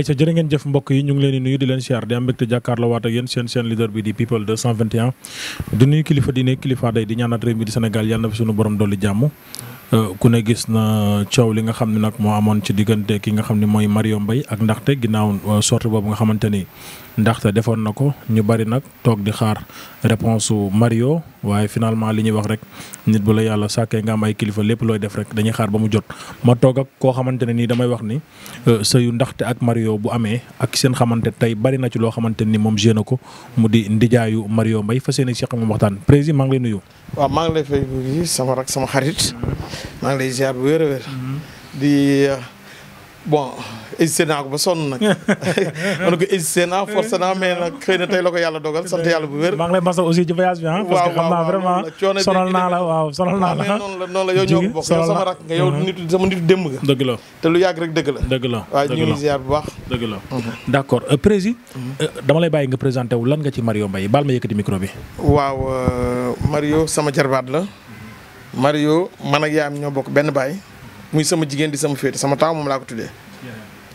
ayca jërë ngeen jëf mbokk yi ñu ngi leen di nuyu di leen siyaar di am mbégte jàkkaarloo waat ak yéen seen seen leader bi di people 221 di nuyu kilifa diine kilifa day di ñaanat réew mi di Sénégal yal fi sunu borom dolli jàmm euh, ku ne gis na coow li nga xam ne nag moo amoon ci diggante ki nga xam ne mooy Mario Mbaye ak ndaxte ginnaaw euh, sorte boobu nga xamante ni ndaxte defoon na ko ñu bari nag toog di xaar réponse su Mario waaye finalement li ñuy wax rek nit bu la yàlla sàkkee nga am kilifa lépp looy def rek xaar ba mu jot ma toog ak koo xamante ne nii damay wax ni euh, yow bu amee ak seen xamante tey bari na ci loo xamante ni moom génn ko mu di ndijaayu Mario Mbaye fas yéene si xam waxtaan président maa ngi lay nuyu. waaw maa ngi fa fay bu sama rak sama xarit maa ngi lay ziar bu wér a wér mm-hmm. di euh, bon. hésité naa ko ba sonn nag ma ne ko hésité naa forcé naa mais nag xëy na tey la ko yàlla dogal sant yàlla bu wér. maa ngi lay masa aussi ci voyage bi ah. parce que xam naa vraiment sonal naa la waaw sonal naa la. nga yow nitu la lu yàgg rek dëgg la. dëgg la waaw ñu bu baax. dëgg la mhm. d' accord euh, prési mhm. euh, dama bàyyi nga présenté wu lan nga ci Mario Mbaye baal ma yëkkati micro bi. waaw euh, sama jarbaat la Mario man ak yaayam ñoo bokk benn baay muy sama jigéen di sama féete sama taaw moom laa ko tuddee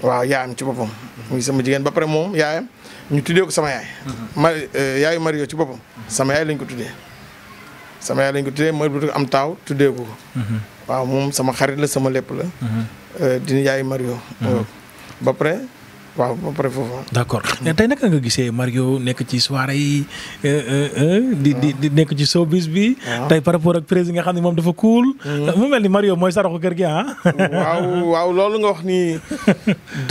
waaw yaayam ci boppam. muy sama jigéen ba pare moom yaayam ñu tuddee ko sama yaay. Mhm. ma euh, yaayu Mario ci boppam. Mhm. sama yaay lañ ko tuddee. sama yaay lañ ko tuddee ma am taaw tuddee ko. Mhm. waaw moom sama xarit la sama lépp la. Euh, di yaay Mario. ba waaw ba pare foofu. d' accord tey naka nga gisee Mario nekk ci soirée yi. Euh, euh, euh, di di di nekk ci showbiz bi. Ah. tey par rapport ak président nga xam ne moom dafa cool. Hmm. mu mel ni Mario mooy saraxu kër gi ah. waaw loolu nga wax ni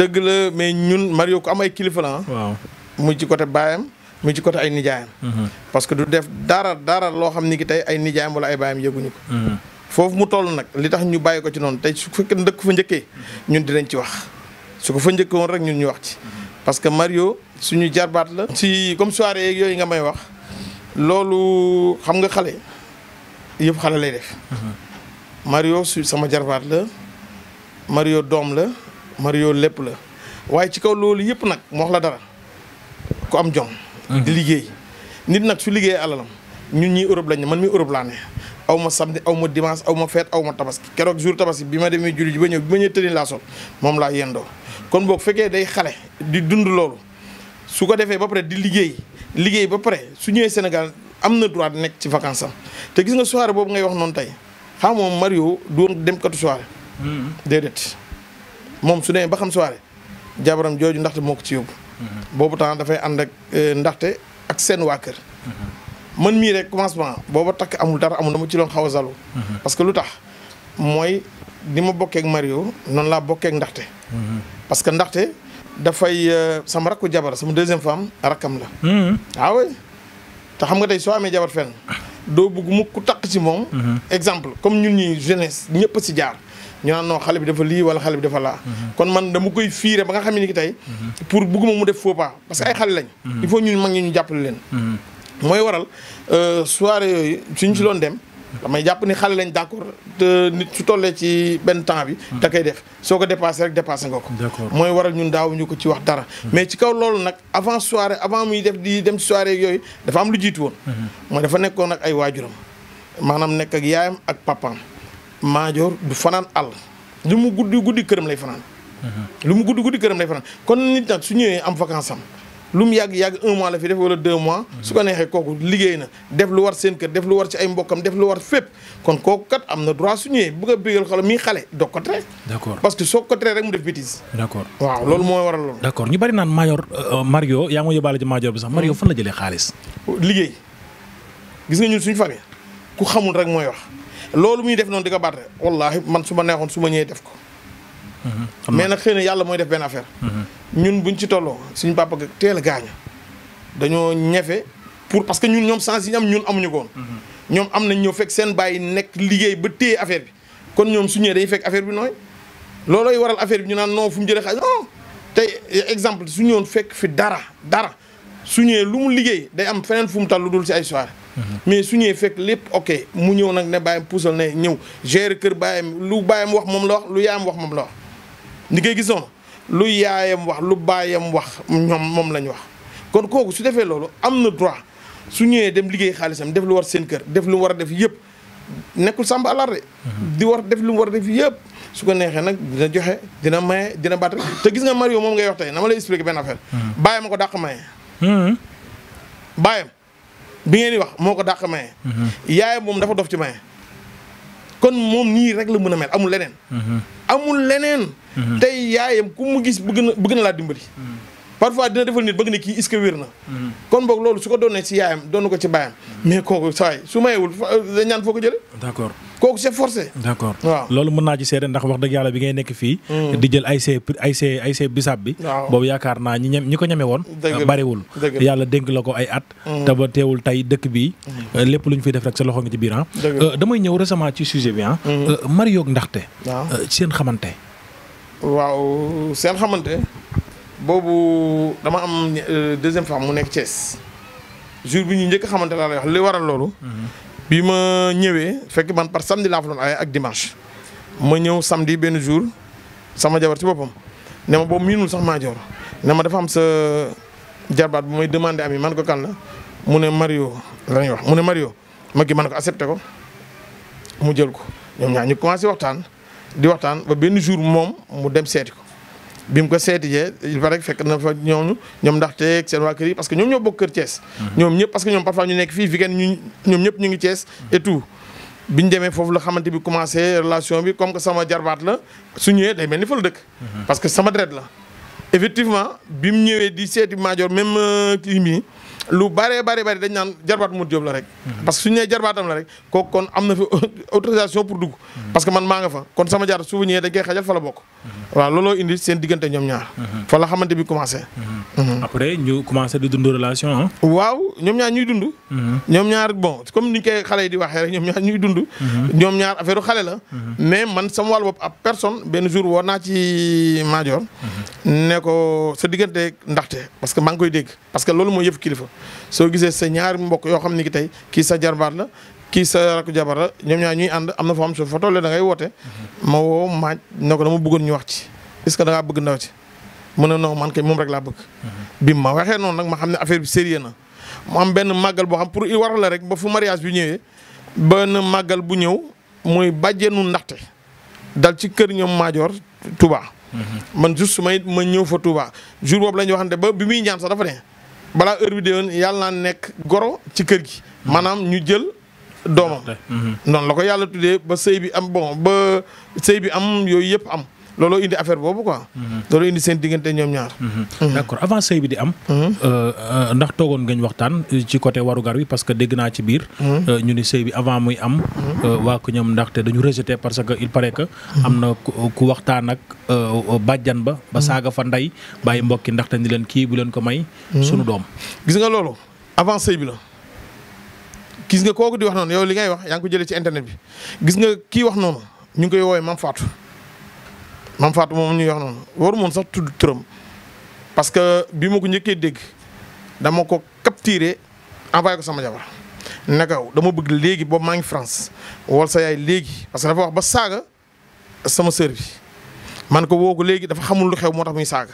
dëgg la mais ñun Mario ku am ay kilifa la ah. waaw muy ci côté baayam muy ci côté ay nijaayam. Hmm. parce que du def daara dara loo xam ni ki tey ay nijaayam wala ay baayam yëguñu ko. Hmm. foofu mu toll nag li tax ñu bàyyi ko ci noonu tey su fekkee ndëkk njëkkee ñun dinañ ci wax. su ko fa njëkk woon rek ñun ñu wax ci parce que Mario suñu jarbaat la si comme soirée yeeg yooyu nga may wax loolu xam nga xale yëpp xale lay def Mario su sama jarbaat la Mario doom la Mario lépp la waaye ci kaw loolu yëpp nag moo wax la dara ku am jom di mhm. liggéey nit nag su liggéey alalam ñun ñii Europe lañ man mi Europe laa ne aw ma samedi aw ma dimanche aw ma fête aw ma tabaski keroog jour tabaski bi ma demee julli ji ba ñëw bi ma ñëw tëni laa sol moom laa yendoo kon boo fekkee day xale di dund loolu su ko defee ba pare di liggéey liggéey ba pare su ñëwee Sénégal am na droit nekk ci vacance am te gis nga soirée boobu ngay wax noonu tey xam moom Mario doon dem katu soirée. Hmm. déedéet moom su dee ba xam soirée jabaram jooju ndaxte moo ko ci yóbbu. Hmm. boobu temps dafay ànd ak euh, ndaxte ak seen waa kër. Hmm. man mii rek commencement boobu takk amul dara amul dama ci doon xaw a zalu. parce que lu tax mooy di ma bokkee Mario noonu laa bokkee ndaxte. parce que ndaxte dafay euh, sama rakku jabar sama deuxième femme rakkam la. waaw hmm. ah te xam nga tey soo amee jabar fen doo bugg mu ku takk si moom. Hmm. exemple comme ñun ñuy jeunesse ñëpp si jaar. ñu naan non xale bi dafa lii wala xale bi dafa laa. Hmm. kon man dama koy fiire ba nga xam ne ni tey. pour bugguma mu def foofaa pas parce que ay xale lañ. il faut ñun mag ñi ñu jàppale leen. mooy waral euh, soire yooyu suñ ci loon dem. may jàpp ni xale lañ d' accord te nit su tollee ci benn temps bi. da koy def soo ko dépassé rek dépassé nga ko. mooy waral ñun daawuñu ko ci wax dara. Hmm. mais ci kaw loolu nag avant soirée avant muy def di dem ci soirée yooyu dafa am lu jiitu woon. Hmm. mooy dafa nekkoon ak ay waajuram maanaam nekk ak yaayam ak papaam maajoor du fanaan àll lu mu guddi guddi këram lay fanaan. Hmm. lu mu guddi guddi këram lay fanaan kon nit nag su ñëwee am vacance am. lu mu yàgg yàgg un mois la fi def wala deux mois su ko neexee kooku liggéey na def lu war seen kër def lu war ci ay mbokkam def lu war fépp kon kooku am na droit su ñëwee bëgg a bégal xol muy xale doo ko tere parce que soo ko tere rek mu def bêtise d'accord waaw loolu mooy waral loolu naan major euh, Mario yaa ma yóbbaale ci major bi sax Mario fan liggéey gis nga ñun suñu famille ku xamul rek mooy wax loolu muy def noonu di ko baate wallaahi man su ma neexoon su ma ñëwee def ko Mm-hmm. mais nag xëy na yàlla mooy def benn affaire. Mm-hmm. ñun ñu ci tolloo suñu papa teel a gaañu dañoo ñefe pour parce que ñun ñoom sens yi ñu am ñun amuñu ko woon. Mm-hmm. ñoom am nañ ñëw fekk seen bàyyi nekk liggéey ba téye affaire bi kon ñoom su ñëwee fekk affaire bi nooy loolooy waral affaire bi ñu naan non fu mu jëlee xaalis non tey exemple su ñëwoon fekk fi dara dara su lu mu liggéey day am feneen fu mu tal lu dul si ay soirée. mais su fekk lépp ok mu ñëw nag ne bàyyam puusal ne ñëw gérer kër bàyyam lu bàyyam wax moom la lu yaayam wax moom la ni koy gisoo lu yaayam wax lu baayam wax ñoom moom lañ wax kon kooku su defee loolu am na droit su ñëwee dem liggéey xaalisam def lu war seen kër def lu war a def yëpp nekkul sàmb alarde mhm. di war def lu war a def yëpp su ko neexee nag dina joxe dina maye dina batt te gis nga Mario moom ngay wax tey na ma lay expliquer benn affaire mhm. baayam a ko dàq maye mhm. baayam bi ngeen di wax moo ko dàq maye yaayam moom dafa dof ci maye kon moom nii rek la mën a mel amul leneen. Mm-hmm. amul leneen. Mm-hmm. tey yaayam ku mu gis bugg na bëgg na laa dimbali. Mm-hmm. parfois dina defal nit bëgg ne kii est wér na. kon boog loolu su ko doonee si yaayam doon ko ci baayam. mais kooku saa yi su mayewul fa ñaan foo ko jële d'accord. kooku c'est forcé. d'accord waaw loolu mën naa ci seede ndax wax dëgg yàlla bi ngay nekk fii. Hmm. di jël ay see ay see ay see bisaab bi. boobu yaakaar naa ñi ñem ñi ko ñeme woon. bariwul yàlla dénk la ko ay at. Hmm. te ba tey dëkk bi hmm. eh, lépp lu ñu fiy def rek sa loxo nga ci biir ah. Euh, damay ñëw récemment ci sujet bi ah. Euh, Mario ak Ndaxte. Euh, seen xamante. waaw seen xamante boobu dama am deuxième fois mu nekk Thiès jour bi ñu njëkk xamante laa lay wax li waral loolu. bi ma ñëwee fekk man par samedi laa fa doon awee ak dimanche ma ñëw samedi benn jour sama jabar ci boppam ne ma boobu miinul sax maa joor ne ma dafa am sa jarbaat bu may demandé ami man ko kan la mu ne Mario la ñuy wax mu ne Mario ma gi man ko accepté ko mu jël ko ñoom ñaar ñu commencé waxtaan di waxtaan ba benn jour moom mu dem seeti ko. bi mu ko seetijee il paraît fekk na fa ñooñu ñoom ndaxteeg seen waa kër yi parce que ñoom ñoo bokk kër Thiès. Mhm. ñoom ñëpp parce que ñoom parfois ñu nekk fii weekend ñu ñoom ñëpp ñu ngi Thiès et bi ñu demee foofu la xamante bi commencé relation bi comme que sama jarbaat la su ñëwee day mel ni fa la dëkk. Mhm. parce que sama deret la. effectivement bi mu ñëwee di seeti Madior même euh, kii mii lu bare bare bari dañ naan jarbaat Modou Diop la rek parce que suñu nee jarbaatam la rek kooku kon am na fi autorisation pour dugg parce que man maa nga fa kon sama jaar su ñëwee dañ koy xajal fa la bokk waaw looloo indi seen diggante ñoom ñaar fa la xamante bi commencé après ñu commencé di dund relation waaw ñoom ñaar ñuy dund ñoom ñaar bon comme niñ koy xale yi di waxee rek ñoom ñaar ñuy dund ñoom ñaar affaire xale la mais man sama wàllu bopp a personne benn jour woo naa ci maajoor ne ko sa diggante ndaxte parce que maa ngi koy dégg parce que loolu mooy yëf kilifa soo gisee sa ñaari mbokk yoo xam ni ki tey kii sa jarbaat la kii sa rakk jabar la ñoom ñaar ñuy ànd am na foo xam su fa tollee da woote ma woo maaj ko dama bëggoon ñu wax ci est que da bëgg ndaw ci mu ne non man moom rek laa bëgg bi ma waxee noonu nag ma xam ne affaire bi sérieux na mu am benn màggal boo xam pour i waral la rek ba fu mariage bi ñëwee benn màggal bu ñëw mooy muy bàjjenu ndaxte dal ci kër ñoom maajoor Touba mhm. man juste may ma ñëw fa Touba jour boobu la ñu waxante ba bi muy ñaan sax dafa ne balaa heure bi déwén yàlla naa nekk goro ci kër gi maanaam ñu jël doomam mhm. noonu la ko yàlla tuddee ba sëy bi am bon ba sey bi am yooyu yëpp am looloo indi affaire boobu quoi. Mhm. looloo indi seen diggante ñoom ñaar. Mhm. Mhm. d'accord avant sëy bi di am. Euh, euh, ndax toogoon ngañ waxtaan ci côté warugar bi parce que dégg naa ci biir. Euh, ñu ni sëy bi avant muy am. waa ko ñoom ndaxte dañu rejeté parce que il paraît que. am na ku waxtaan ak bàjjan ba. ba saaga fa ndey bàyyi mbokki ndaxte ni leen kii bu leen ko may. sunu doom gis nga loolu avant sëy bi la. gis nga kooku di wax noonu yow li ngay wax yaa ngi ko jëlee ci internet bi gis nga kii wax noonu ñu ngi koy woowee Mame Fatou. maam Fatou moom ñu wax noonu waru moon sax tudd turam parce que bii ma ko njëkkee dégg dama ko capturé envoyé ko sama jabar ne dama bëgg léegi boobu maa ngi France wol sa yaay léegi parce que dafa ba saaga sama sœur man ko woo léegi dafa xamul lu xew moo tax muy saaga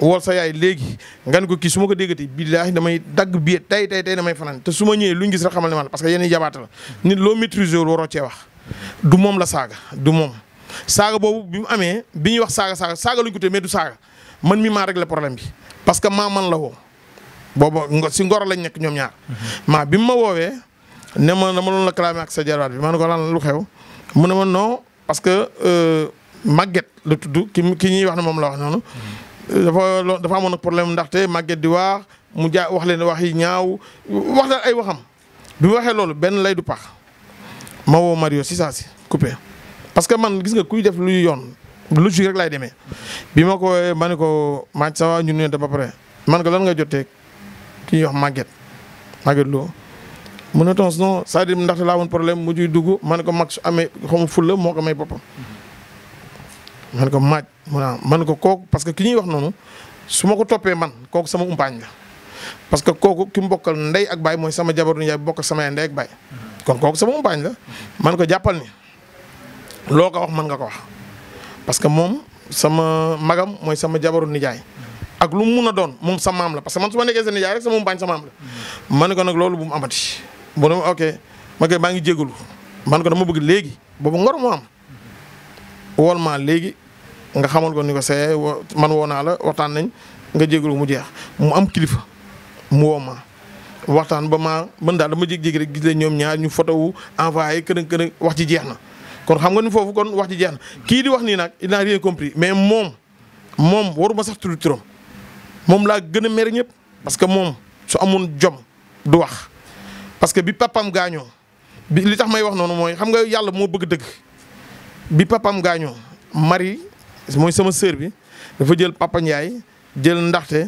wool sa yaay léegi nga ne ko kii su ma ko déggati billaahi damay dagg bi tay tay tay damay fanaan te su ma ñëwee lu ñu gis rek xamal ne man parce que yéen jabaata la nit loo maîtriser wul waroo cee du moom la saaga du moom saaga boobu bi mu amee bi ñuy wax saaga saaga saaga luñ ko tee du saaga man mi maa la problème bi parce que maa man la woo booba si ngoro lañ nekk ñoom ñaar mhm. maa bi mu ma woowee ne ma dama doon la clamé ak sa jarwaat bi ma ne ko lan lu xew mu ne ma non parce que euh, Maguette la tudd ki ki ñuy wax ne moom la wax noonu mhm. dafa dafa amoon nag problème ndaxte Maguette di wax mu jaa wax leen wax yi ñaaw wax daal ay waxam bi mu waxee loolu benn lay du pax ma woo Mario si saa si coupé parce que man gis nga kuy def luy yoon logique rek lay demee bi ma ko woowee ma ne ko maa sa ñu nuyante ba pare man ko lan nga jotee ki ñuy wax Maguette Maguette Lo mu ne tons non cest ndaxte laa woon problème mu ciy dugg ma ne ko mag amee xamu fulla moo ko may boppam. ma ne ko maaj mu naa man ko kooku parce que ki ñuy wax noonu su ma ko toppee man kooku sama umpaañ la parce que kooku ki mu bokkal ndey ak baay mooy sama jabaru yaay bokkal sama ndey ak baay kon kooku sama umpaañ la man ko jàppal ni loo ko wax mën nga ko wax parce que moom sama magam mooy sama jabaru nijaay ak lu mu mun a doon moom sa maam la parce que man su ma nekkee sa nijaay rek sama mu bañ sa maam la ma ne ko nag loolu bu mu amati bu ne ok ma koy maa ngi jégalu man ko dama bëgg léegi boobu ngor am wol maa léegi nga xamal ko ni ko see man woo naa la waxtaan nañ nga jégalu mu jeex mu am kilifa mu woo ma waxtaan ba maa mën daal ma jékki-jékki rek gis leen ñoom ñaar ñu fotowu envoyé kërën kërën wax ci jeex na kon xam nga ni foofu kon wax ji jeex na kii di wax nii nag il n'a rien compris mais moom moom waruma sax tudd turam moom laa gën a mere ñëpp parce que moom su amoon jom du wax parce que bi papam gaañoo bi li tax may wax noonu mooy xam nga yàlla moo bëgg dëgg bi papam gaañoo mari mooy sama sœur bi dafa jël papa Ndiaye jël ndaxte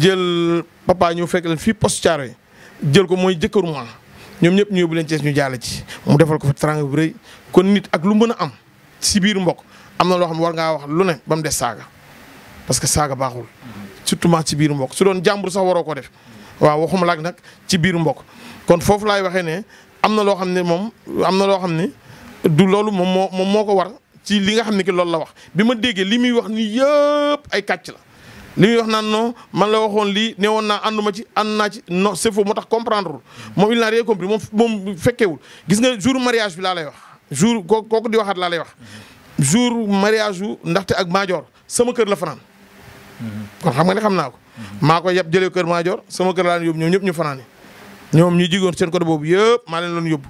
jël papa ñëw fekk leen fii post jël ko mooy jëkkëru ma ñoom ñëpp ñu yóbbu leen Cees ñu jaale ci mu defal ko fa teraanga bu kon nit ak lu mën a am si biir mbokk am na loo xam ne war ngaa wax lu ne ba mu des saaga parce que saaga baaxul surtout ci biir mbokk su doon jàmbur sax waroo ko def waaw waxuma laag nag ci biir mbokk kon foofu laay waxee ne am na loo xam ne moom am na loo xam ne du loolu moom moo moom moo ko war ci li nga xam ne ki loolu la wax bi ma déggee li muy wax ni yëpp ay kàcc la li muy wax naan non man la waxoon lii ne woon naa ànduma ci ànd naa ci non moo tax comprendre wul moom il n'a rien compris moom moom gis nga jour mariage bi laa lay wax jour kooku di waxaat laa lay wax jour mariage yu ndaxte ak maajoor sama kër la fanaan kon xam nga ne xam naa ko maa ko yab jëlee kër maajoor sama kër laa leen yóbbu ñoom ñëpp ñu fanaane ñoom ñu jigoon seen côté boobu yëpp maa leen doon yóbbu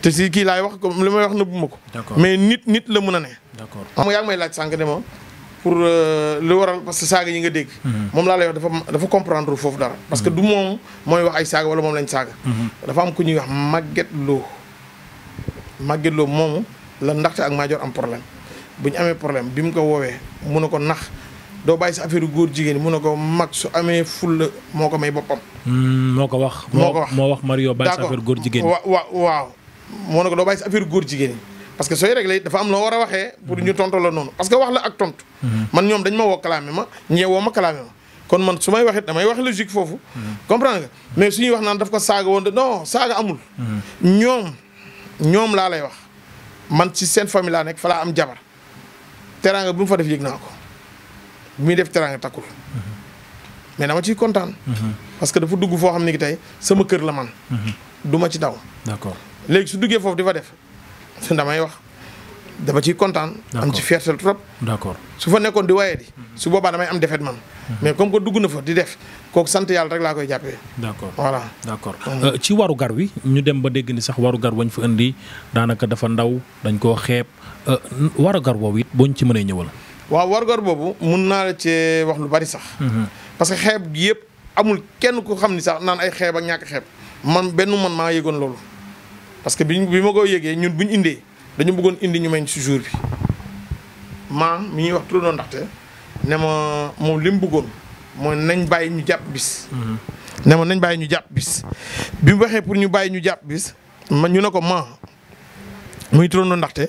te si kii laay wax comme li may wax nëbbu ma ko mais nit nit la mën a ne d'accord xam yaa ngi may laaj sànq ne moom pour euh, lu waral parce que saaga yi nga dégg mhm. moom laa lay wax dafa dafa comprendre foofu daal parce que mhm. du moom mooy wax ay saaga wala moom lañ saaga mhm. dafa am ku ñuy wax Maguette Lo Maguette Lo moomu la ndaxte ak Madior am problème bu ñu amee problème bi mu ko woowee mun na ko nax doo bàyyi sa affaire góor jigéen mu na ko mag su amee fulla moo ko may boppam. Hmm, moo ko wax. moo ko wax moo wax Mario bàyyi sa affaire góor jigéen wa waaw moo ne ko doo bàyyi sa góor jigéen parce que sooy réglé dafa am loo war a waxee. pour hmm. ñu tontu la noonu parce que wax la ak tontu. Hmm. man ñoom dañ ma woo kalaame ma ñeewoo ma kalaame kon man su may waxit damay wax logique foofu. comprendre nga mais ñuy wax naan daf ko saaga woon de non saaga amul. ñoom. ñoom laa lay wax man ci seen famille nekk fa laa am jabar teraanga bu mu fa def yëg naa ko bu muy def teraanga takkul mais dama ciy kontaan. parce que dafa dugg foo xam ne tey sama kër la man. Mhm. du ma ci daw. d'accord léegi su duggee foofu di fa def damay wax. dama ciy kontaan. am ci fierté trop. d'accord su fa nekkoon di waaye di. su boobaa damay am defeet man. Mhm. mais comme que dugg na fa di def kooku sant yàlla rek laa koy jàppee. d'accord voilà d'accord mhm. euh, ci warugar wi ñu dem ba dégg ni sax warugar wañ fa indi daanaka dafa ndaw dañ koo xeeb euh, warugar woowu it boo ñu ci mënee ñëwal. waaw warugar boobu mun naa la cee wax lu bari sax. Mhm. parce que xeeb yëpp amul kenn ku xam ni sax naan ay xeeb ak ñàkk xeeb man benn man maa yëgoon loolu. parce que bi bi ma ko yëgee ñun bu ñu indee. dañu bëggoon indi ñu meñ ci jour bi ma mi ñuy wax turandoo ndaxte ne ma moom li mu bëggoon moo nañ bàyyi ñu jàpp bis. Mhm. ne ma nañ bàyyi ñu jàpp bis bi mu waxee pour ñu bàyyi ñu jàpp bis ma ñu ne ko ma muy turandoo ndaxte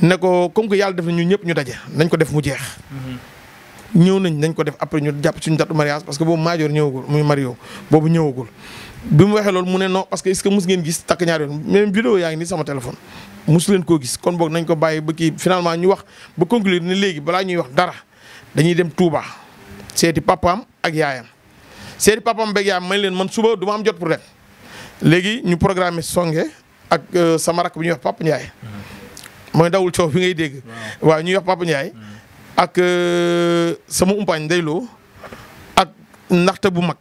ne ko comme que yàlla def na ñu ñëpp ñu daje nañ ko def mu jeex. Mhm. ñëw nañ nañ ko def après ñu jàpp suñu datu mariage parce que boobu maajoor ñëwagul muy Mario boobu ñëwagul. bi mu waxee loolu mu ne non parce que est que mos ngeen gis takk ñaar yoon même vidéo yaa ngi sama téléphone mosu leen koo gis kon boog nañ ko bàyyi ba kii finalement ñu wax ba conclure ni léegi balaa ñuy wax dara dañuy dem Touba seeti papaam ak yaayam seeti papaam beeg yaayam may leen man suba du ma am jot pour dem léegi ñu programme songe ak euh, sama rakk bi ñuy wax Papa Ndiaye. mooy dawul coow bi ngay dégg. waaw ñuy wax Papa Ndiaye. Hmm. ak euh, sama umpaañ ndeyloo ak ndaxte bu mag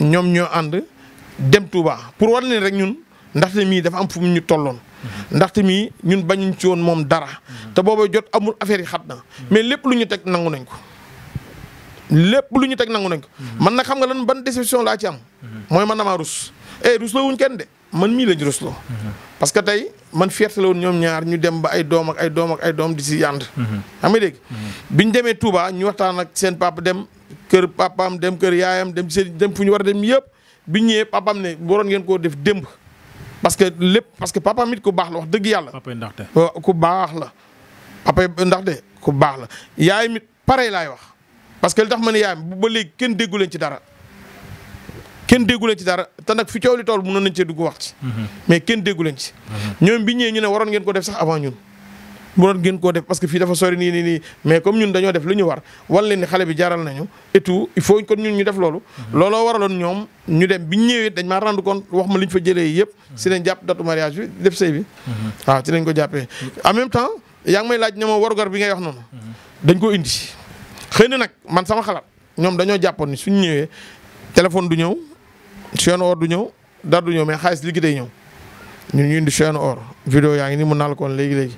ñoom ñoo ànd dem Touba pour war leen rek ñun ndaxte mii dafa am fu mu ñu tolloon. ndaxte mii ñun bañ ci woon moom dara te boobu jot amul affaire yi xat na mais lépp lu ñu teg nangu nañ ko lépp lu ñu teg nangu nañ ko man nag xam nga lan ban déception laa ci am mooy man namaa rus eh rusloo wuñ kenn de man mii lañ rusloo parce que tey man fierté la woon ñoom ñaar ñu dem ba ay doom ak ay doom ay doom di si yànd xam nga dégg biñ demee Touba ñu waxtaan ak seen papa dem kër papaam dem kër yaayam dem seen dem fu ñu war a dem yëpp biñ ñëwee papaam ne waroon ngeen koo def démb parce que lépp parce que papa mit ku baax la wax dëgg yàlla. papa ndaxte euh, ku baax la. papa ndaxte ku baax la yaay mit pare laay wax parce que li tax ma ne yaay ba léegi kenn déggu leen ci dara. kenn déggu leen ci dara te nag fi coow li tool mënoon nañ cee dugg wax ci. Mm-hmm. mais kenn déggu leen ci. Mm-hmm. ñoom bi ñëwee ñu ne waroon ngeen ko def sax avant ñun. mënoon ngeen koo def parce que fii dafa sori nii nii nii mais comme ñun dañoo def lu ñu war wan leen xale bi jaaral nañu et tout il faut kon ñun ñu def loolu mhm. looloo waraloon ñoom ñu dem bi ñu ñëwee dañ maa rendre compte wax ma li ñu fa jëlee yëpp mhm. si nañ jàpp datu mariage bi def sëy bi mhm. waaw ci nañ ko jàppee en même temps yaa ngi may laaj ne ma warugar bi ngay wax noonu dañ ko indi xëy na nag man sama xalaat ñoom dañoo jàppoon ni suñu ñëwee téléphone du ñëw chaîne or du ñëw dara du ñëw mais xaalis liggéey day ñëw ñun ñu indi chaîne or vidéo yaa ngi ni mun naa la koon léegi-léegi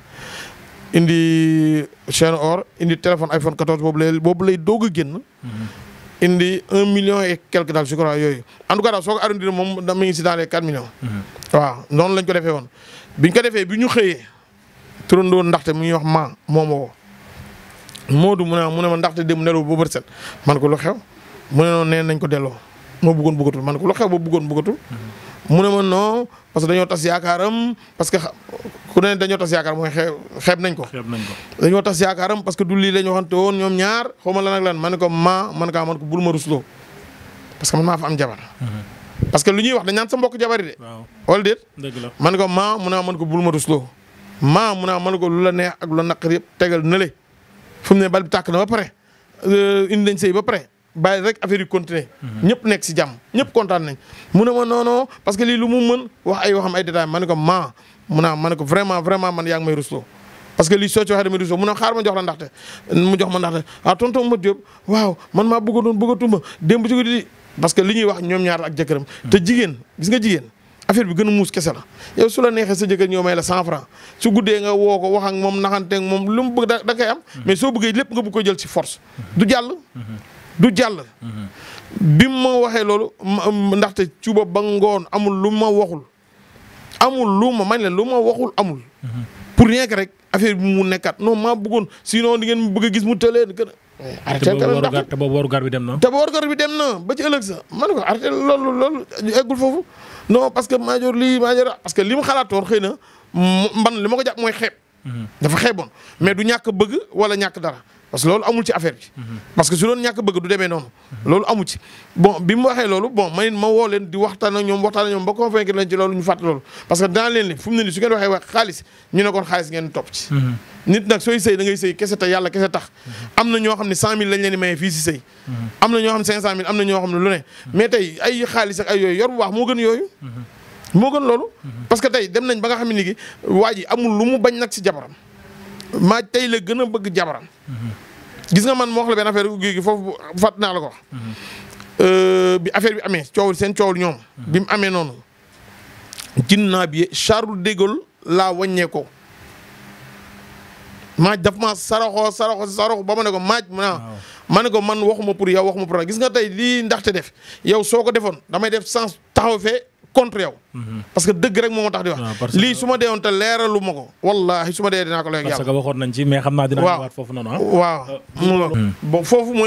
indi chaîne or indi téléphone iPhone 14 boobu lay boobu lay doog a génn. Mm-hmm. indi un million et quelque daal je yooyu en tout cas daal soo ko arrondir moom da mi ngi si dans les mm-hmm. waaw noonu lañ ko defee woon. biñ ko defee bi ñu xëyee turandoo ndaxte mi ngi wax ma moom woo Moodu mu ne mu ne ma ndaxte dem nelaw ba bët set man ko lu xew mu ne noonu nee nañ ko delloo moo bëggoon bëggatul man ko lu xew ba bëggoon bëggatul. Mm-hmm. mu ne ma non parce que dañoo tas yaakaaram parce que ku ne dañoo tas yaakaar mooy xeeb nañ ko. xeeb nañ dañoo tas yaakaaram parce que du lii la ñu waxante woon ñoom ñaar xaw ma lan ak lan ma ne ko ma man kaa man ko bul ma rusloo parce que man maa fa am jabar. Mhm. parce que lu ñuy wax dañ naan sa mbokk jabar yi de. waaw wala déet. dëgg la man ko ma mun naa man ko bul ma rusloo ma mun naa man ko lu la neex ak lu la naqar yëpp tegal nële fu mu ne bal bi tàkk na ba pare euh, indi nañ sëy ba pare. bàyyi rek affaire yi continuer ñëpp nekk si jàmm ñëpp kontaan nañ mu ne ma noonoo parce que lii lu mu mën wax ay waxam ay détails ma ne ko ma mu naa ah, ko man yaa ngi may rusloo parce que lii soo ci waxee damay ma jox la ndaxte ah, man maa bëggoon doon bëggatuma démb ci guddi parce que li ñuy wax ñoom ñaar ak jëkkëram hmm. te jigéen gis nga jigéen affaire bi gën a muus kese la su la neexee sa jëkkër ñoo may la cent su guddee nga woo ko wax ak moom naxanteeg moom lu mu bëgg da koy am hmm. mais soo bëggee lépp nga bëgg ko jël ci force hmm. du jàll du jàll. bi ma waxee loolu ndaxte cuba ba ngoon amul lu ma waxul. amul lu ma man leen lu ma waxul amul. pour rien que rek affaire bi mu nekkaat non maa bëggoon sinon di ngeen bëgg a gis mu tëlee gën a. arrêté te boobu warugar bi dem na. te boobu warugar bi dem na ba ci ëllëg sa man ko arrêté loolu loolu eggul foofu no parce que maa jor lii maa jor parce que li mu xalaatoon xëy na man li ma ko jàpp mooy xeeb. Mhm. dafa xeeboon mais du ñàkk bëgg wala ñàkk dara. parce que loolu amul ci affaire bi. parce que su doon ñàkk bëgg du demee noonu. loolu amu ci bon bi mu waxee loolu bon man ma woo leen di waxtaan ak ñoom waxtaan ak ñoom ba convaincre leen ci loolu ñu fàtt loolu. parce que dans leen ni ne nii su ngeen waxee wax xaalis ñu ne kon xaalis ngeen topp ci. Mhm. nit nag sooy sëy da sëy kese te yàlla kese tax. Mhm. am na ñoo xam ne 100000 lañ leen di maye fii si sëy. Mhm. am na ñoo xam ne 500000 am na ñoo xam ne lu ne. mais tey ay xaalis ak ay yooyu yor bu baax moo gën yooyu. moo loolu. parce que tey dem nañ ba nga xam ne waa ji amul lu mu bañ nag si jabaram maa tey la gën a bëgg jabaram gis nga man moo wax la benn affaire gi foofu fat naa la ko euh, bi affaire bi amee coowul seen coowul ñoom bi mu amee noonu jënd naa bi Charles de laa wàññee ko maaj daf ma saraxoo saraxoo saraxoo ba ma ne ko maaj mu ma ne ko man waxuma pour yow waxuma pour gis nga tey lii ndaxte def yow soo ko defoon damay def sens taxaw fee contre yow. Mhm. parce que dëgg rek moo ma tax di wax. lii su ma dee woon te leeralu ma ko. wallaahi su ma dee dinaa ko léegi yàlla. waaw ah. euh, hmm.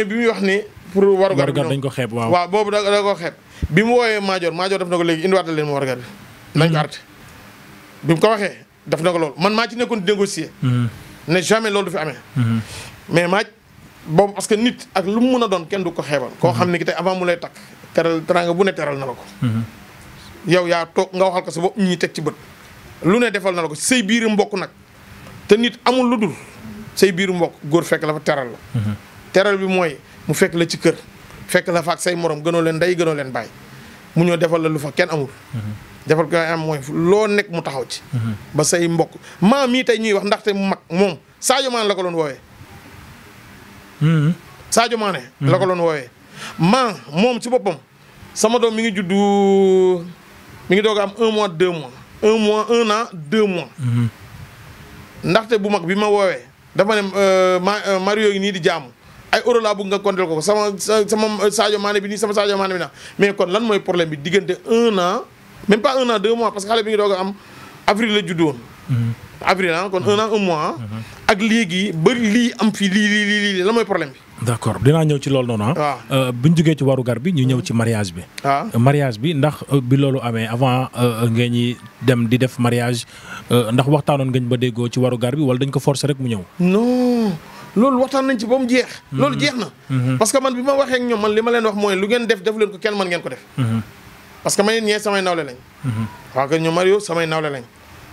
bi muy wax ni. pour warugar bi dañ ko xeeb waaw. boobu da da ko xeeb bi mu wooyee Maajoor Maajoor daf na ko léegi indiwaat leen ma warugar bi. nañ ko hmm. arrêté bi mu ko waxee daf na ko loolu man maa ci nekkoon négocier. Hmm. ne jamais loolu du fi amee. mais maaj boobu parce que nit ak lu mu mën a doon kenn du ko xeebal. koo xam ne ki tey avant mu lay takk teral bu ne teral na la ko yow yaa toog nga waxal ko si bopp ñu teg ci bët lu ne defal na la ko say biir mbokk nag te nit amul lu dul say biir mbokk góor fekk la fa teral la mhm. teral bi mooy mu fekk la ci kër fekk la fa ak say morom gënoo leen ndey gënoo leen bàyyi mu ñëw defal la lu fa kenn amul mhm. defal ko am mooy loo nekk mu taxaw ci mhm. ba say mbokk maa mii tey ñuy wax ndaxte mu mag moom Sadio Mané la ko doon woowee Sadio Mané la ko doon woowee maa moom si boppam sama doom mi ngi juddu mi ngi doog am un mois deux mois un mois un an deux mois. Mhm. ndaxte bu mag bi ma woowee dafa ne euh, ma euh, Mario yi nii di jaamu ay euro laa bëgg nga compter ko sama sama Sadio Mané bi nii sama Sadio Mané bi naa mais kon lan mooy problème bi diggante un an même pas un an deux mois parce que xale bi ngi doog am avril la judd woon. Mhm. avril ah kon un an un mois. Ah. Mhm. ak léegi ba lii am fii lii lii lii lii lan mooy problème bi. d'accord dinaa ñëw ci loolu noonu ah. waaw ah. euh, bu ñu jugee ci warugar bi ñu ñëw ci mariage bi. waaw ah. euh, mariage bi ndax euh, bi loolu amee avant ngeen dem di def mariage ndax waxtaanoon ngeen ba déggoo ci warugar bi wala dañ ko forcer rek mu ñëw. non loolu waxtaan nañ ci ba mu jeex. Mm-hmm. loolu jeex na. Mm-hmm. parce que man bi ma waxee ak ñoom man li ma leen wax mooy lu ngeen def def leen ko kenn mën ngeen ko def. Mm-hmm. parce que man it ñee samay nawle lañ. waaw que ñu Mario samay nawle lañ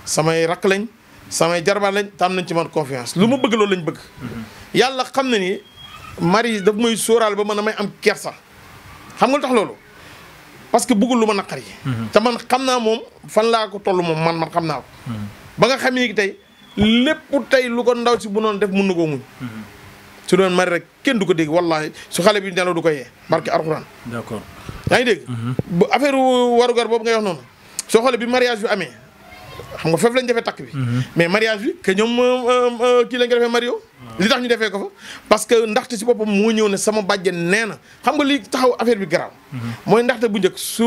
samay rakk lañ samay jarbaat ma bëgg loolu lañ bëgg. yàlla xam mari daf may sóoraal ba man may am kersa xam nga tax loolu parce que bëggul lu ma naqar yi mhm. te man xam naa moom fan laa ko toll moom man man xam naa ko mhm. ba nga xam ni tey lépp tey lu ko ndaw si bu noonu def mun na koo muñ mhm. su doon mari rek kenn du ko dégg wallahi su xale bi nelaw du ko yee barke alxuraan d'accord yaa ngi dégg bu affaire warugar boobu nga wax noonu soo xoolee bi mariage bi amee xam nga foofu lañ defee takk bi mais mariage bi que ñoom euh, euh, kii lañ ko defee mario li tax ñu defee ko fa parce que ndaxte si boppam moo ñëw ne sama bàjjen neena xam nga li taxaw affaire bi garaaw. Mhm. mooy ndaxte bu njëkk su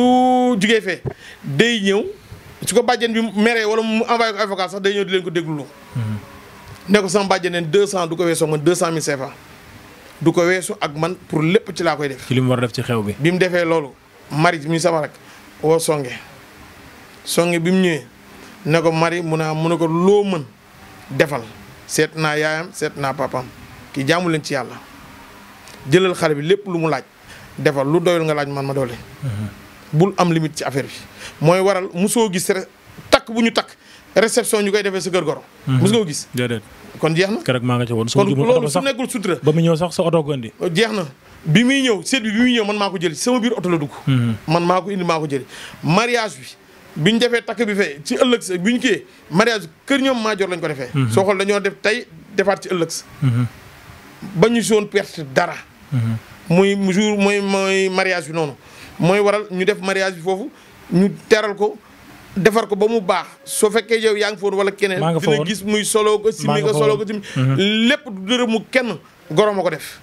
jugee fee day ñëw su ko bàjjen bi meree wala mu envoyé ko avocat sax day ñëw di leen ko déglu. Mhm. ne ko sama bàjjen neen deux cent du ko weesoo man deux cent mille CFA du ko weesu ak man pour lépp ci laa koy def. ci li war a def ci xew bi. bi mu defee loolu mari mi sama rek songe songe bi mu ñëwee ne ko mari mun a mun a ko loo mën defal. seet naa yaayam seet naa papam kii jaamu ci yàlla jëlal xale bi lépp lu mu laaj defal lu doyul nga laaj man ma doole. Mhm. bul am limite ci affaire bi mooy waral musoo gis takk bu ñu takk réception ñu koy defee sa kër goro. Mhm. mos nga gis. déedéet kon jeex na. keroog maa nga ca woon kon loolu su nekkul sutura. ba mu ñëw sax sa oto ko indi. Oh, jeex na bi muy ñëw seet bi bi muy ñëw man maa ko jëli sama biir oto la dugg. Mhm. man maa ko indi maa ko jëli mariage bi. bi ñu defee takk bi fee ci ëllëg sa bi ñu kii mariage kër ñoom maajoor lañ ko defee. Mhm. soo xool dañoo def tey defar ci ëllëg sa. Mhm. ba ñu soon perte dara. Mhm. muy jour mooy mooy mariage bi noonu mooy waral ñu def mariage bi foofu ñu teral ko. defar ko ba mu baax soo fekkee yow yaa ngi foon wala keneen dina gis muy solo ko simi ko solo lépp du mu kenn gorom a ko def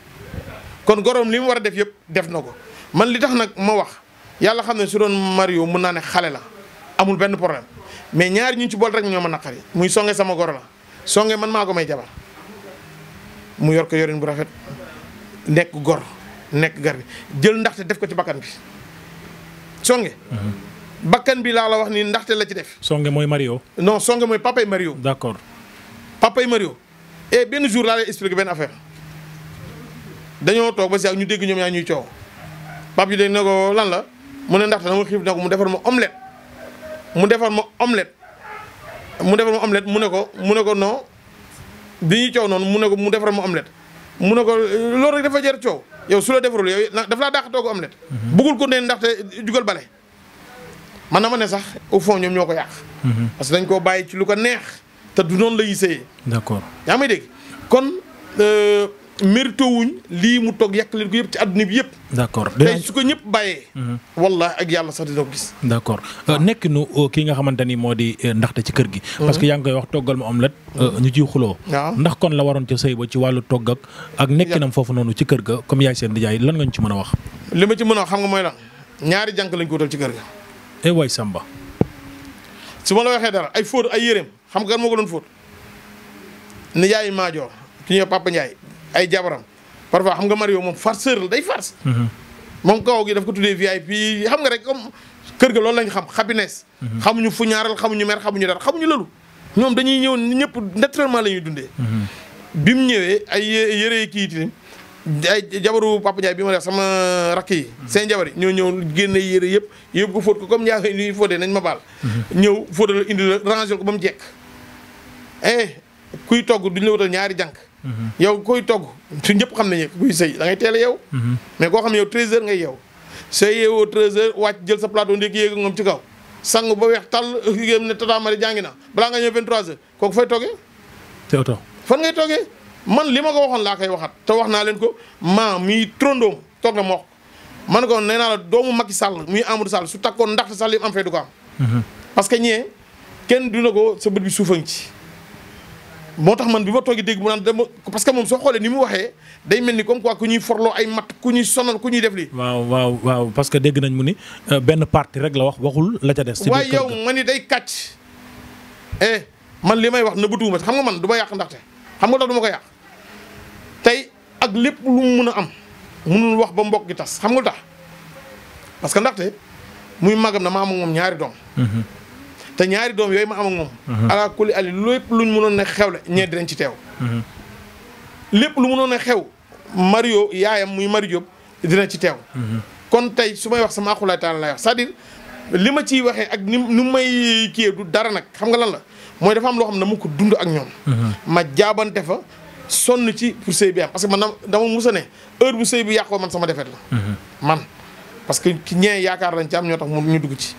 kon gorom li mu war a def yëpp def na ko man li tax nag ma wax yàlla xam ne su doon Mario mun naa ne xale la amul benn problème mais ñaari ñu ci bool rek ñoo ma naqari muy songe sama goro la songe man maa ko may jabar mu yor ko yorin bu rafet nekk gor nekk gar bi jël ndaxte def ko ci bakkan bi songe mhm. bakkan bi laa la wax ni ndaxte la ci def songe mooy Mario non songe mooy papay Mario d'accord papay Mario et benn jour laa lay expliquer benn affaire dañoo toog ba si ak ñu dégg ñoom yaa ñuy coow pap yu dégg ne ko lan la mu ne ndaxte dama xiif na mu defar ma omelette mu defar ma omelette mu defar ma omelette mu ne ko mu ne ko non bi ñuy coow noonu mu ne ko mu defar ma omelette mu ne ko loolu rek dafa jar coow yow su la defarul yow daf laa dàq toogu omelette. Mhm. bëggul ko ne ndaxte jugal bale. man na ma ne sax au fond ñoom ñoo ko yàq. Mhm. que dañ koo bàyyi ci lu ko neex te du noonu la yisee. d'accord yaa may dégg kon. Euh, mérité wuñ lii mu toog yàq leen ko yëpp ci àdduna bi yëpp. d' accord tey su ko ñëpp bàyyee. Mhm. wallaahi ak yàlla sax dina ko gis. d' euh, nekkinu euh, kii nga xamante ni moo di euh, ndaxte ci kër gi. parce que mhm. yaa ngi koy wax toggal ma omelette. Mhm. ñu ciy xuloo. ndax kon la waroon ca sëy ba ci wàllu togg ak. ak nekkinam foofu noonu ci kër ga comme yaay seen nijaay lan nga ñu ci mën a wax. li ma ci mën a wax xam nga mooy lan ñaari jànq lañ ko wutal ci kër ga. eh waay Samba. su ma la waxee dara ay fóot ay yéreem xam nga kan moo ko doon fóot. nijaay Maajoor ay jabaram parfois xam nga Mario moom farceur la day farce. Mhm. moom kaw gi daf ko tuddee VIP xam nga rek comme kër ga loolu lañ xam happiness. Mhm. xamuñu fu ñaaral xamuñu mer xamuñu dara xamuñu loolu ñoom dañuy ñëw ñëpp naturellement la ñuy dundee. Mhm. bi mu ñëwee ay yére kii itam ay jabaru Papa Ndiaye bi ma def sama rakk yi. seen jabar yi ñoo ñëw génne yére yëpp yëpp ko fóot ko comme yaa ngi fóotee nañ ma ñëw fóotal indi la ko ba mu jekk. Eh, kuy togg duñ la ñaari jànk. Mhm. yow koy togg su ñëpp xam nañu kuy sëy da ngay teel a yow. Mhm. mais koo xam ne yow 13h ngay yow soo yeewoo 13h wàcc jël sa plateau ndékki yéeg ngam ci kaw sang ba weex tàll yéen ne Tata Marie jàngi na balaa nga ñëw 23h kooku fay toggee. teew fan ngay toggee man li ma ko waxoon laa koy waxat te wax naa leen ko maa mii trondoom toog na ma wax man ko nee naa la doomu Macky Sall muy Amadou Sall su takkoon ndaxte sax li mu am fay du ko am. Mhm. parce que ñee kenn duna ko sa bët bi suufa ci. moo tax man bi ma toogee dégg mu naan dama parce que moom soo xoolee ni mu waxee day mel ni comme quoi ku ñuy forloo ay mat ku ñuy sonal ku ñuy def lii. waaw waaw waaw parce que dégg nañ mu ni euh, benn parti rek la wax waxul la ca des. si waaye yow ma ni day kàcc. eh man li may wax nëbbatuwuma xam nga man du ma yàq ndaxte xam nga tax du ma ko yàq tey ak lépp lu mu mën a am mënul wax ba mbokk gi tas xam nga tax parce que ndaxte muy magam na maa moom ñaari doom. Mhm. te ñaari doom yooyu ma am ak moom. Mhm. ala kulli ali lépp luñ mënoon ne xew la ñee dinañ ci teew. Mhm. lépp lu mënoon a xew Mario yaayam muy Mario Diop dina ci teew. Mhm. kon tey su may wax sama akulaay taala lay wax cest à li ma ciy waxee ak ni ni may kii du dara nag xam nga lan la mooy dafa am loo xam ne mu ko dund ak ñoom. ma jaabante fa sonn ci pour sëy bi am parce que man dama musa ne heure bu sëy bi yàqoo man sama defet la. man parce que ki ñee yaakaar lañ ci am ñoo tax ñu dugg ci.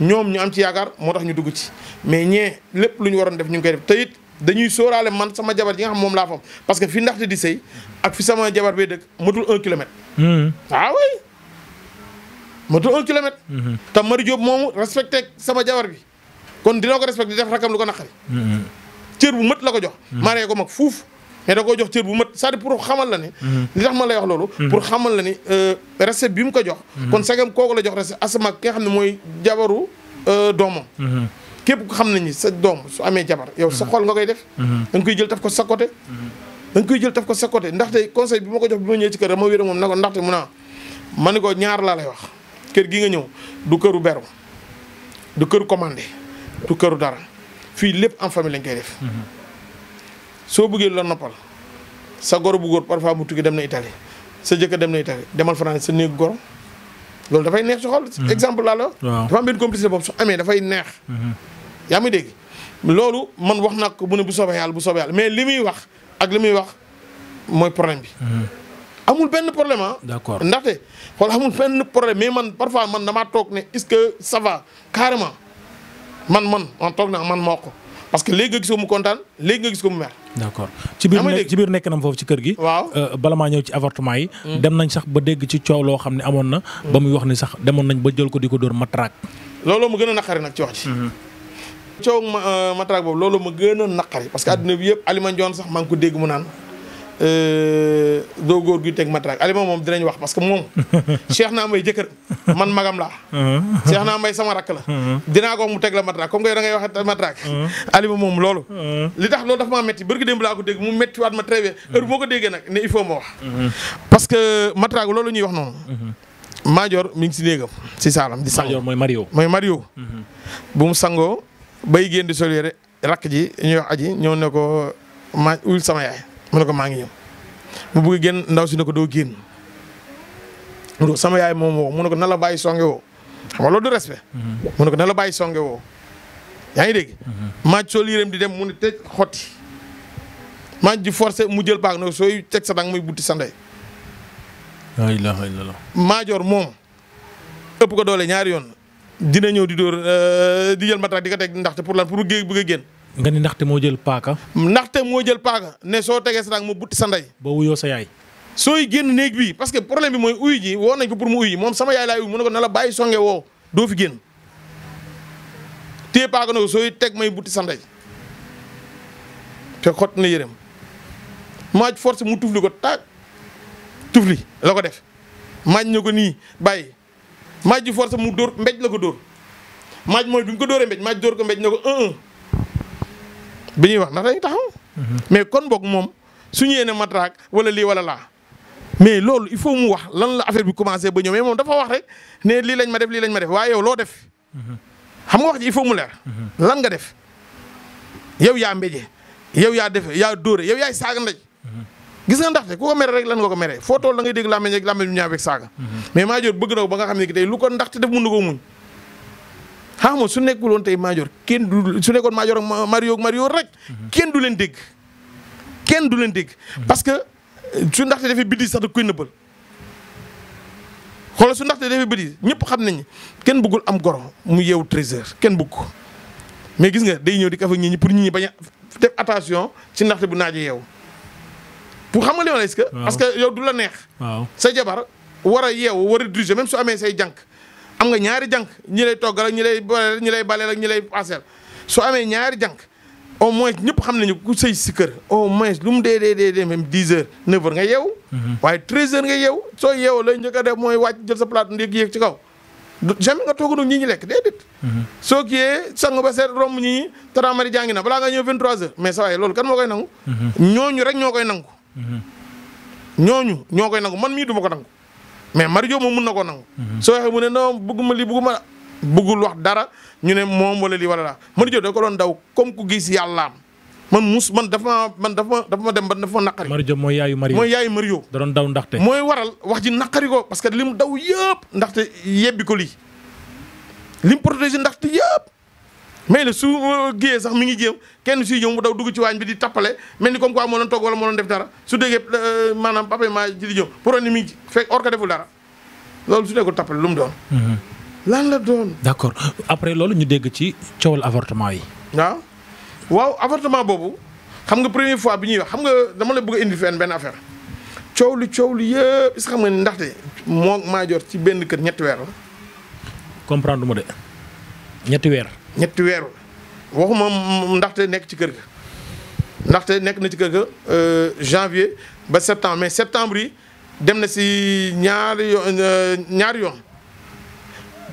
ñoom ñu am ci yaakaar moo tax ñu dugg ci mais ñee lépp lu ñu waroon def ñu koy def te it dañuy sóoraale man sama jabar ji nga xam moom laa fam parce que fi ndaxte di sëy ak fi sama jabar bee dëkk matul un kilomètre waaw hmm. ah way matul hmm. te Mari Diop moomu respecté sama jabar bi kon dina ko respecté def rakam lu ko naqari hmm. cër bu mët la ko jox maree ko mag fuuf mais da koo jox cër bu ma cest pour xamal la ne mm-hmm. li tax ma lay wax loolu mm-hmm. pour xamal la ni euh, respect bi mu ko jox mm-hmm. kon sagam kooku la jox respect asama ki nga xam ne mooy jabaru euh, doomam képp ko xam nañu sa doom su amee jabar yow sa xol nga koy def da koy jël taf ko sa côté da koy jël taf ko sa côté ndaxte conseil bi ma ko jox bi ma ñëwee ci kër ma wéer moom na ko ndaxte mun naa ma ni ko ñaar laa lay wax kër gi nga ñëw du këru beru du këru commandé du këru dara fii lépp en famille lañ koy def soo bëggee la noppal sa goro bu góor parfois mu tukki dem na itali sa jëkkër dem na Italie demal France sa néegu goro loolu dafay neex si xol. Mhm. exemple laa la dafa am benn complicité boobu su amee dafay neex. Mhm. yaa muy dégg loolu man wax naa ko mu ne bu soobee yàlla bu soobee mais li muy wax ak li muy wax mooy problème bi. Mhm. amul benn problème ah. d'accord ndaxte xool amul benn problème mais man parfois man damaa toog ne est-ce que ça va carrément man man man toog man moo ko. parce que léegi nga gis ko mu kontaan léegi nga gis ko mu mer. ci biir ci nekk nam foofu ci kër gi. waaw euh, bala maa ñëw ci avortement yi. Hmm. dem nañ sax ba dégg ci coow loo xam ne amoon na. ba muy wax ni sax demoon nañ ba jël ko di ko dóor matraak. looloo ma gën a naqari nag ci wax ji. Hmm. coow euh, matraak boobu looloo ma gën a naqari parce que hmm. adduna bi yëpp Alioune Ndione sax maa ko dégg mu naan. Euh, doo góor gi teg matraque Alima moom dinañ wax parce que moom. Cheikh naa may jëkkër man magam laa. Uh-huh. Cheikh naa may sama rakk la. Uh-huh. dinaa ko mu teg la matraque comme que da ngay wax matraque. Uh-huh. Alima moom loolu. li tax loolu dafa maa metti bërki démb laa ko dégg mu metti waat ma très boo ko déggee nag ne il que matraque loolu ñuy wax noonu. Major mi ngi si néegam si saalam di sang Major mooy Mario mooy Mario. bu mu sangoo bay génn di sol yére ji ñuy wax aji ñëw ne ko ma uyul sama yaay. mu ne ko maa ngi ñëw mu bëgg génn ndaw si ne ko doo génn mu sama yaay moom woo mu ne ko nala la bàyyi songe woo xam nga loolu mhm. ko na bàyyi songe woo yaa ngi dégg. Mhm. maaj sol yërëm di dem mu ne tëj xotti maaj di forcé mu jël paak ne sooy teg sa dang muy butti sa ndey. la ilaha illallah. maajoor moom ëpp ko doole ñaari yoon dina ñëw di dóor euh, di jël matraque di ko teg ndaxte pour la pour géej bëgg a génn. nga ni ndaxte moo jël paaka. ndaxte moo jël paaka ne soo tegee sa tànk mu butti sa ndey. boo wuyoo sa yaay. sooy génn néeg bi parce que problème bi mooy uyu ji woo nañ ko pour mu uyu ji moom sama yaay laay uyu mu ne ko na la bàyyi songe woo doo fi génn téye paaka na ko sooy teg may butti sa ndey te xott na yërëm maaj force mu tufli ko taag tufli la ko def maaj na ko nii bàyyi maaj bi mu dóor mbéj la ko dóor maaj mooy bi mu ko dóoree mbéj maaj dóor ko mbéj na ko bi ñuy wax ndax dañuy taxaw. mais kon boog moom su ñëwee ne matraque wala lii wala laa. mais loolu il faut mu wax lan la affaire bi commencé ba ñëw mais moom dafa wax rek ne lii lañ ma def lii lañ ma def waaye yow loo def. xam nga wax ji il faut mu leer. lan nga def yaw yaa mbéje yow yaa def yaa dóore yow yaay saaga ndaj. gis nga ndaxte ku ko mere rek lan nga ko mere foo tool da ngay dégg làmmeñ ak saaga. mais maa jot bëgg na ko ba nga xam ne tey lu ko ndaxte def mën na ko muñ. xam nga su nekkul woon tey Madior kenn du su nekkoon Madior ak Mario Mario rek kenn du leen dégg kenn du leen dégg parce que su ndaxte dafay biddi sax da koy nëbbal xoolal su ndaxte dafay biddi ñëpp xam nañ kenn buggul am goro mu yeewu trésor kenn bëgg ko mais gis nga day ñëw di kafa ñi ñi pour ñi ñi bañ a def attention bu naaje yeewu pour xam parce que yow du la neex sa jabar war a yeewu war a diriger su amee say jànk am nga ñaari jànk ñi lay toggal ak ñi lay booleel ñi lay baleel ak ñi lay paaseel soo amee ñaari jànk au moins ñëpp xam nañu ku sëy si kër au moins lu mu dee dee dee même 10 heures 9 heures nga yeewu. Mhm. waaye 13 heures nga yeewu soo yeewoo lay njëkk a def mooy wàcc jël sa plateau ndéeg yéeg ci kaw. jamais nga toogandoo ñi ñi lekk déedéet. Mhm. soo yee kiiyee sang ba seet romb ñi ñi taraamari jàngi na balaa nga ñëw 23 heures mais sa waaye loolu kan moo koy nangu. Mhm. ñooñu rek ñoo koy nangu. ñooñu ñoo koy nangu man mii du ma ko nangu. mais Mario moom mun na ko nangu. Mhm. soo waxee mu ne non bëgguma lii bëgguma bëggul wax dara ñu ne moom wala lii wala la Mario da ko doon daw comme ku gis yàllaam man mus man dafa man dafa dafa ma dem ba dafa ma naqari. Mario mooy yaayu Mario mooy yaayu Mario. da doon daw ndaxte. mooy waral wax ji naqari ko parce que li mu daw yëpp ndaxte yebbi ko lii li mu protégé ndaxte yëpp. mais la su euh, géyee sax mu ngi jéem kenn suy ñëw mu daw dugg ci waañ bi di tappale mel ni comme quoi moo doon togg wala moo doon def dara su déggee euh, maanaam papa ma ji di jëm pour ni mi ngi fekk or ko deful dara loolu su nekkul tappale lu mu doon mhm. lan la doon d'accord après loolu ñu dégg ci coowal avortement yi waaw waaw avortement boobu xam nga première fois bi ñuy wax xam nga dama la bëgg indi fenn benn affaire coow li coow li yëpp is xam nga ni ndaxte moo maa jot ci benn kër ñetti weer la comprendre weer ñetti weer waxuma ndaxte nekk ci kër ga ndaxte nekk na ci kër ga euh, janvier ba septembre mais septembre yi dem na si ñaari yoon euh, ñaari yoon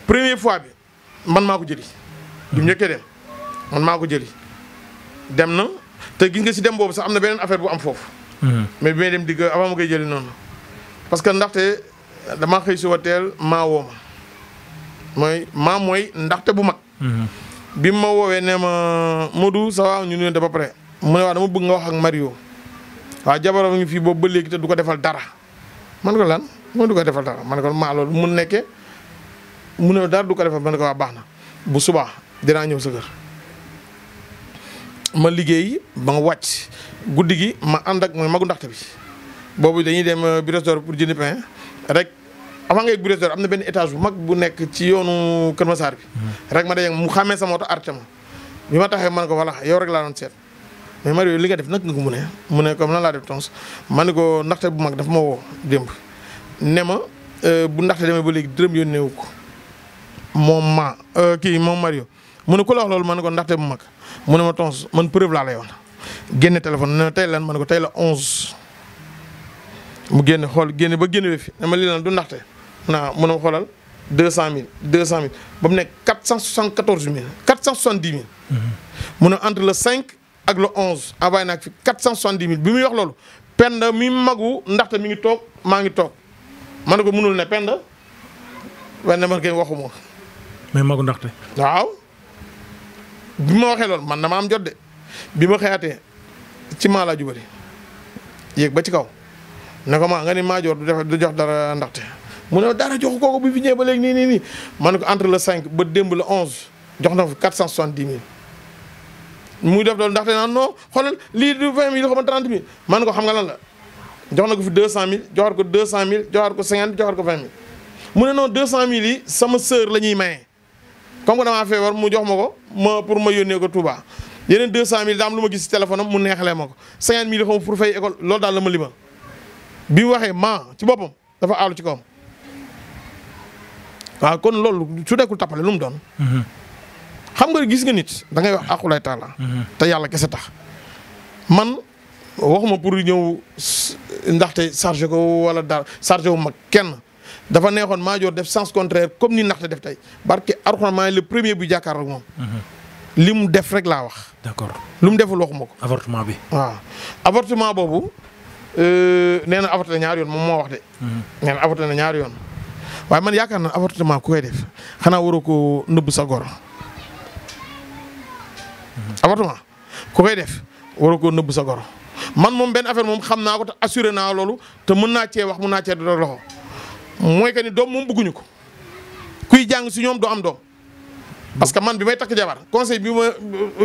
première fois bi man maa ko jëli. bi mu hmm. dem man maa ko jëli dem na te gis nga si dem boobu sax am na beneen affaire bu am foofu. Hmm. mais bi may dem digg avant ma koy jëli noonu. parce que ndaxte damaa xëy suba teel maa woo mooy maa ndaxte bu mag. Hmm. bi ma woowee nee ma Modou ça va ñu nuyonte ba pare mu ne waaw dama bëgg nga wax ak Mario waaw jabaram ngi fii boobu ba léegi te du ko defal dara man ko lan man du ko defal dara man ko maa loolu mun nekke mu ne dara du ko defal man ko waa baax na bu subaa dinaa ñëw sa ma liggéey ba nga wàcc guddi gi ma ànd ak mooy magu ndaxte bi boobu dañuy dem euh, bi restaurant pour jëndi pain rek avant ngay bu am na benn étage bu mag bu nekk ci yoonu Kër Massar bi. Hmm. rek ma daje mu xàmmee sama oto arrêté ma bi ma taxee man ko voilà yow rek laa doon Mario li nga def nag nga ko mu mu ne comme lan laa def tons ma ne ko ndaxte bu mag daf moo woo démb ne ma euh, bu ndaxte demee ba léegi dërëm yónnee wu ko moom ma euh, kii moom Mario mu ne ko la loolu man ne ko ndaxte bu mag mu ne ma tons man preuve laa lay wax génne téléphone ne tey lan ma ne ko tey la onze mu génne xool génne ba génne fi ne ma lii lan du ndaxte. naa mën a xoolal deux cent mille deux cent mille ba mu nekk quatre cent soixante quatorze mille quatre cent soixante dix mille. Mhm. mu ne entre le cinq ak le onze envoyé nag fi quatre cent soixante dix mille bi muy wax loolu Penda mi magu ndaxte mu ngi toog maa ngi toog man ne ko mënul ne Penda waaye man kay waxuma. mais magu ndaxte. waaw bi ma waxee loolu man dama am jot de bi ma xëyaatee ci maa laa jubali yéeg ba ci kaw ne ko maa nga ni maa du def du jox dara ndaxte. mu ne dara joxu kooku ba léegi nii nii nii ma ne ko entre le 5 ba démb le 11 jox na ko 470 000. muy def loolu ndaxte naan non xoolal lii du 20 000 xam nga 30 000 ma ne ko xam nga lan la jox na ko fi 200 000 joxaat ko 200 000 joxaat ko 50 joxaat ko 20 000. mu ne noonu 200 000 yi sama sœur la ñuy maye comme que damaa feebar mu jox ma ko ma pour ma yónnee ko Touba. cent 200000 daam lu ma gis si téléphone mu neexalee ma ko 50000 xam pour fay école loolu daal la ma lima bi mu waxee ma ci boppam dafa aalu ci kawam. waaw kon loolu su nekkul tappale lu mu doon. Mhm. xam nga gis nga nit da ngay wax aqulay taala mhm. te yàlla kese tax man waxuma pour ñëw ndaxte chargé ko wala daal chargé wu mag kenn dafa neexoon maa joor def sens contraire comme ni ndaxte def tey barke Alxuraan maa le premier bu jàkkaar ak moom. Mhm. li mu def rek laa wax. d'accord lu mu deful waxuma ko. avortement bi waaw avortement boobu euh, nee na avorté ñaari yoon moom moo wax de. nee na na ñaari yoon. waaye man yaakaar naa avortement ku koy def xanaa waroo ko nëbb sa goro. ku koy def waroo ko nëbb man moom benn affaire moom xam naa ko te assuré naa loolu te mën naa ceewax wax mën naa cee doon loxo mooy que ni doom moom bëgguñu ko kuy jàng si ñoom doo am doom. parce que man bi may takk jabar conseil bi ma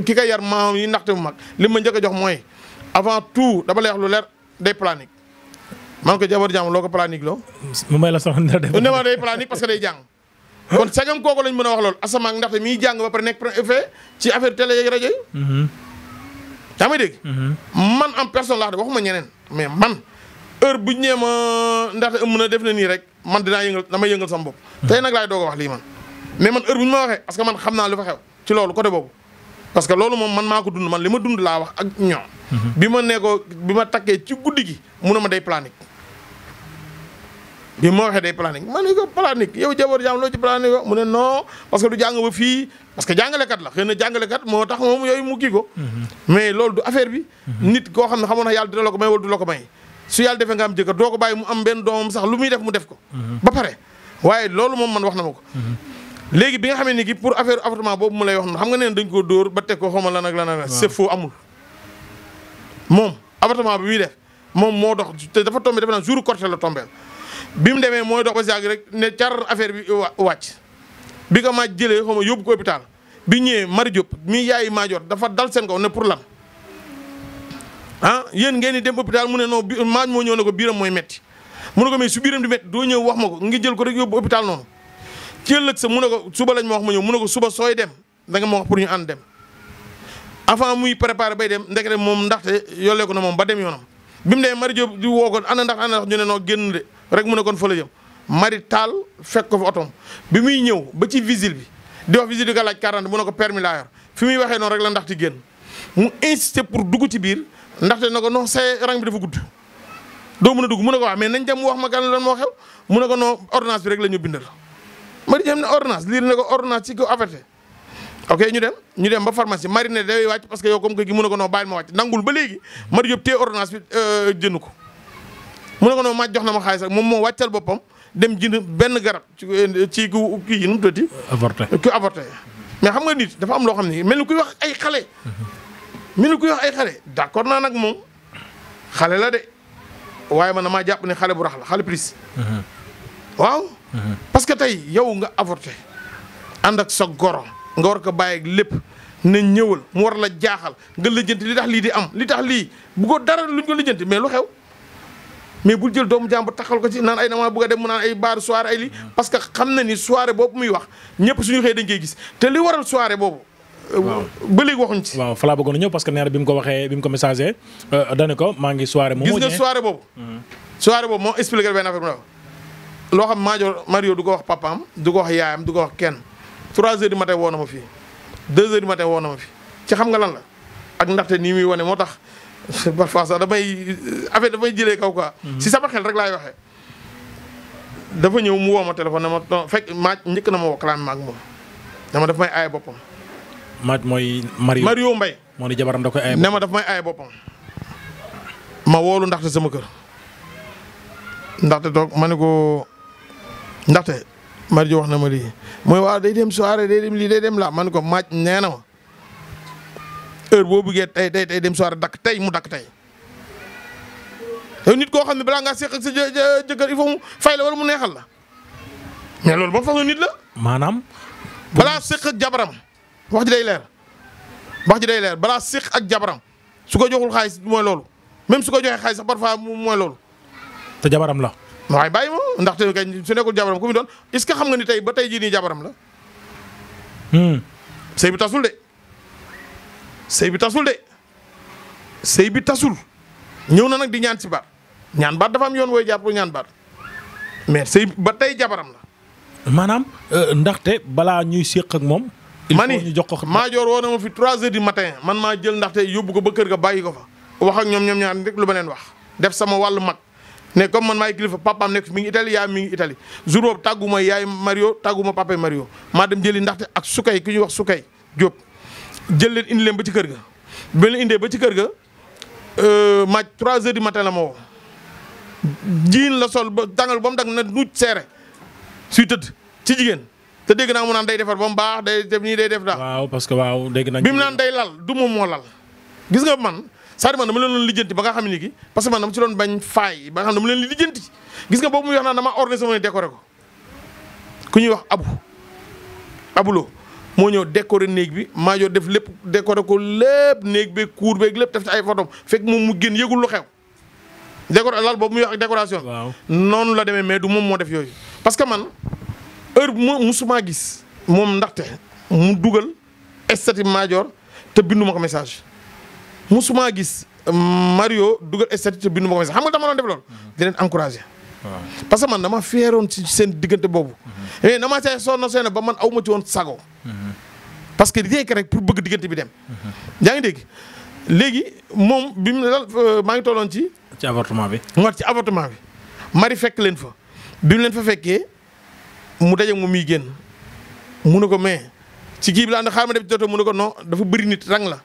ki koy yar maam yi ndaxte mu mag li ma njëkk a jox mooy avant tout dama lay wax lu leer day planique man ko jabar jàmm loo ko planique loo. la soxla dara def. bu ne day planique lañ mën a wax loolu asamaan ndaxte miy jàng ba pare nekk effet ci affaire rajo yi. Mm-hmm. Mm-hmm. man en personne laa wax de waxuma ñeneen mais man heure bu ñu nee ma ndaxte mën a def na nii rek man dinaa yëngal damay yëngal sama bopp. Mm-hmm. tey nag laay doog wax lii man. mais man heure bu ma waxee parce que man xam naa lu fa xew loolu côté boobu. parce que loolu moom man maa ko dund man li ma dund laa wax ak ñoom. bi ma nee bi ma takkee ci guddi gi mun na ma day planique. bi ma waxee day planique ma ne ko planique yow jabar jaam loo ci planique ko mu ne non parce que du jàng ba fii parce que jàngalekat la xëy na jàngalekat moo tax moom yooyu mu kii ko. Mm-hmm. mais loolu du affaire bi. Mm-hmm. nit koo xam ne xamoon na yàlla dina ko may wala du la ko may. su yàlla defee nga am jëkkër doo ko bàyyi muy def mu def ko. Mm-hmm. ba pare waaye loolu moom man wax na ma ko. léegi bi nga xamee ni ki pour affaire appartement boobu mu lay wax xam nga ne dañ koo dóor ba teg ko xaw ma lan ak lan ak. c'est faux amul. moom appartement bi muy moom moo dox te dafa tombé defe naa jour corté la tombé bi mu demee mooy dox ba si yàgg rek ne car affaire bi wàcc bi ko ma jëlee xaw ma yóbbu ko hôpital bi ñëwee Mari Diop mi yaay maajoor dafa dal seen kaw ne pour lan ah yéen ngeen di dem hôpital mu ne noo bi maaj moo ñëw ne ko biiram mooy metti mu ne ko mais su biiram di metti doo ñëw wax ma ko ngi jël ko rek yóbbu hôpital noonu ci ëllëg sa mu ne ko suba lañ ma wax ma ñëw mu ne ko suba sooy dem da nga ma wax pour ñu ànd dem avant muy préparé bay dem ndekete moom ndaxte yollee ko na ba dem yoonam bi mu demee Mari Diop di woo ko ndax ana ñu ne noo génn de rek mu ne kon fa la mari taal fekk ko fa otom bi muy ñëw ba ci visile bi di wax visile bi nga laaj 40 mu ne ko permis laa yor fi muy waxee noonu rek la ndaxte génn mu insisté pour dugg ci biir ndaxte na ko non sa rang bi dafa gudd. doo mën a dugg mu a ko waa mais nañ dem mu wax ma gan lan moo xew mu ne ko non ordonnance bi rek la ñu bindal mari jëm ne ordonnance lire ne ko ordonnance ci ko affecté. ok ñu dem ñu dem ba pharmacie mari que yow comme que ko non bàyyi ma wàcc nangul ba léegi mari Diop téye ordonnance bi euh, jënd ko. mu ne ko noonu ma jox na ma xaalis moom moo wàccal boppam dem jënd benn garab ci ci ku kii yi nu mu tuddati. avorté mais xam nga nit dafa am loo xam ne mel ni kuy wax ay xale. mel ni kuy wax ay xale d' accord naa nag moom xale la de waaye man na damaa jàpp ne xale bu rax la xale plus. waaw. parce que tey yow nga avorté ànd ak sa goro nga war ko bàyyi ak lépp na ñëwal mu war la jaaxal nga lijjanti li tax lii di am li tax lii bu ko dara luñ ko lijjanti mais lu xew. mais bu jël doomu jàmbur taxal ko ci naan ay dama bëgg a dem mu naan ay baar soirée ay li hmm. parce que xam na ni soirée boobu muy wax ñëpp suñu xëy dañ koy gis te li waral soirée boobu euh, ba léegi waxuñ ci waaw fa laa bëggoon a ñëw parce que nee na bi mu ko waxee bi mu ko messagé euh, dane ko maa ngi soirée moom gis nga soirée boobu hmm. soirée boobu moo expliqué benn affaire mu ne ko loo xam Madio Mario du ko wax papam du ko wax yaayam du ko wax kenn trois heures woo na ma fii deux heures du matin na ma ci xam nga lan la ak ndaxte nii muy wane moo tax parfois sax damay affaire damay jëlee kaw quoi. Mhm. si sama xel rek laay waxee. dafa ñëw mu woo ma téléphone ne ma maaj njëkk na ma woo kalaam ma dama daf may aaye boppam. maaj mooy. Mario Mario Mbaye. moo ni jabaram ne ma daf may aaye boppam. ma woolu ndaxte sama kër. ndaxte toog ma ne ko ndaxte Mario wax na ma lii mooy waaw day dem soirée day dem lii day dem laa man ko maaj nee na ma. heure boo buggee tey tey tey dem soirée dakk tey mu dakk tey yow nit koo xam ne balaa nga seq ak sa jëkkër il faut mu fay mu neexal la mais loolu ba façon nit la. maanaam. balaa seq ak jabaram wax ji day leer wax ji day leer balaa seq ak jabaram su ko joxul xaalis mooy loolu même su ko joxee xaalis sax parfois mooy loolu. te jabaram la. waaye bàyyi ma ndaxte kay su nekkul jabaram ku mu doon est-ce que xam nga ni tey ba tey jiini nii jabaram la. Hmm. sëy bi tasul de. sëy bi tasul de sëy bi tasul ñëw na nag di ñaan si baat ñaan bar dafa am yoon wooy jàpp ñaan bar mais sëy ba tey jabaram la. maanaam euh, ndaxte balaa ñuy séq moom. il faut ñu jox ko xam maa joor woo fi 3 heures du matin man maa jël ndaxte yóbbu ko ba kër ga bàyyi ko fa. wax ak ñoom ñoom ñaar rek lu ma leen wax def sama wàllu mag ne comme man maay kilifa papaam nekk mi ngi Italie yaay mi ngi Italie jour boobu tàgguma yaay Mario tàgguma papa Mario maa dem jëli ndaxte ak sukay ki ñuy wax sukay Diop. jël leen indi leen ba ci kër ga bi indee ba ci kër ga euh, maaj 3 heures du matin la ma woo la sol ba tàngal ba mu dag na nuuj seere suy tëdd ci jigéen te dégg naa mu naan day defar ba mu baax day def day def daal. parce que waaw dégg naa. bi mu naan day lal du moom moo lal gis nga man c'est-à-dire man dama leen doon lijjanti ba nga xam ne parce que man dama ba nga xam ne dama leen lijjanti gis nga boobu muy wax naan dama ordonné sama décoré ko ku ñuy wax abu abuloo moo ñëw décorer néeg bi maajoor def lépp décorer ko lépp néeg beeg cour beeg lépp def ci ay photos fekk moom mu génn yëgul lu xew. décor lal boobu muy wax ak décoration. noonu la demee mais du moom moo def yooyu. parce que man heure bu ma musuma gis moom ndaxte mu dugal estati maajoor te bindu ma ko message musuma gis Mario dugal estati te bindu ma ko message xam nga dama doon def loolu. Mhm. di leen parce que man dama feeroon ci seen diggante boobu. na mhm. eh, damaa see sonn seen ba man aw ma ci woon sago. parce que rien que rek pour bëgg diggante bi dem. yaa ngi dégg léegi moom bi mu euh, maa ngi tolloon ci. ci bi. nga ci avortement bi. mari fekk leen fa bi leen fa fekkee mu daje moom muy génn mu ne ko mais ci kii bi laa ne xaaral ma dem mu ne ko non dafa bëri nit rang la.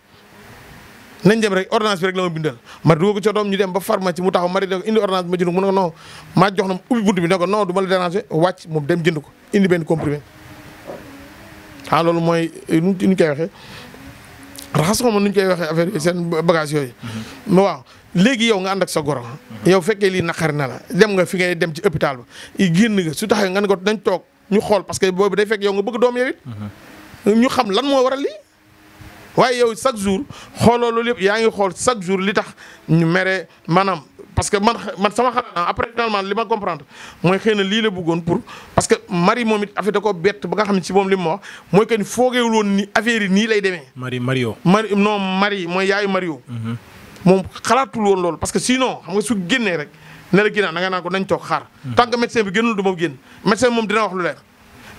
nañ la ma bindal mari du ko ci doom ñu dem ba farma ci mu mari ne indi ordonnance bi ma jënd ko mu ne ko non maa jox na ubbi bunt bi ne ko noo du ma la déranger wàcc moom dem jënd ko indi benn comprimé. ah loolu mooy eh, nu ñu koy waxee raxas ko ma nu ñu koy waxee affaire yooyu seen bagage yooyu. Mhm. waaw léegi yow nga ànd ak sa goro. Mhm. yow fekkee lii naqari na la dem nga fi ngay dem ci hôpital ba génn nga su taxee nga ne ko dañ toog ñu xool parce que boobu day fekk yow nga bëgg doom yow mhm. ñu xam lan moo waral lii. waaye yow chaque jour xooloo loolu yëpp yaa ngi xool chaque jour li tax ñu mere maanaam. parce que man man sama xalaat après finalement li ma comprendre mooy xëy lii la bëggoon pour parce que Marie moom it affaire da ko bett ba nga xam ne si moom li ma wax mooy que ni woon nii lay demee. Marie Mario. non Marie mooy yaayu Mario. Mm-hmm. moom xalaatul woon loolu parce que sinon xam nga su génnee rek ne la ginnaaw da ko nañ toog xaar. Mm-hmm. tant médecin bi génn médecin moom dina wax lu leer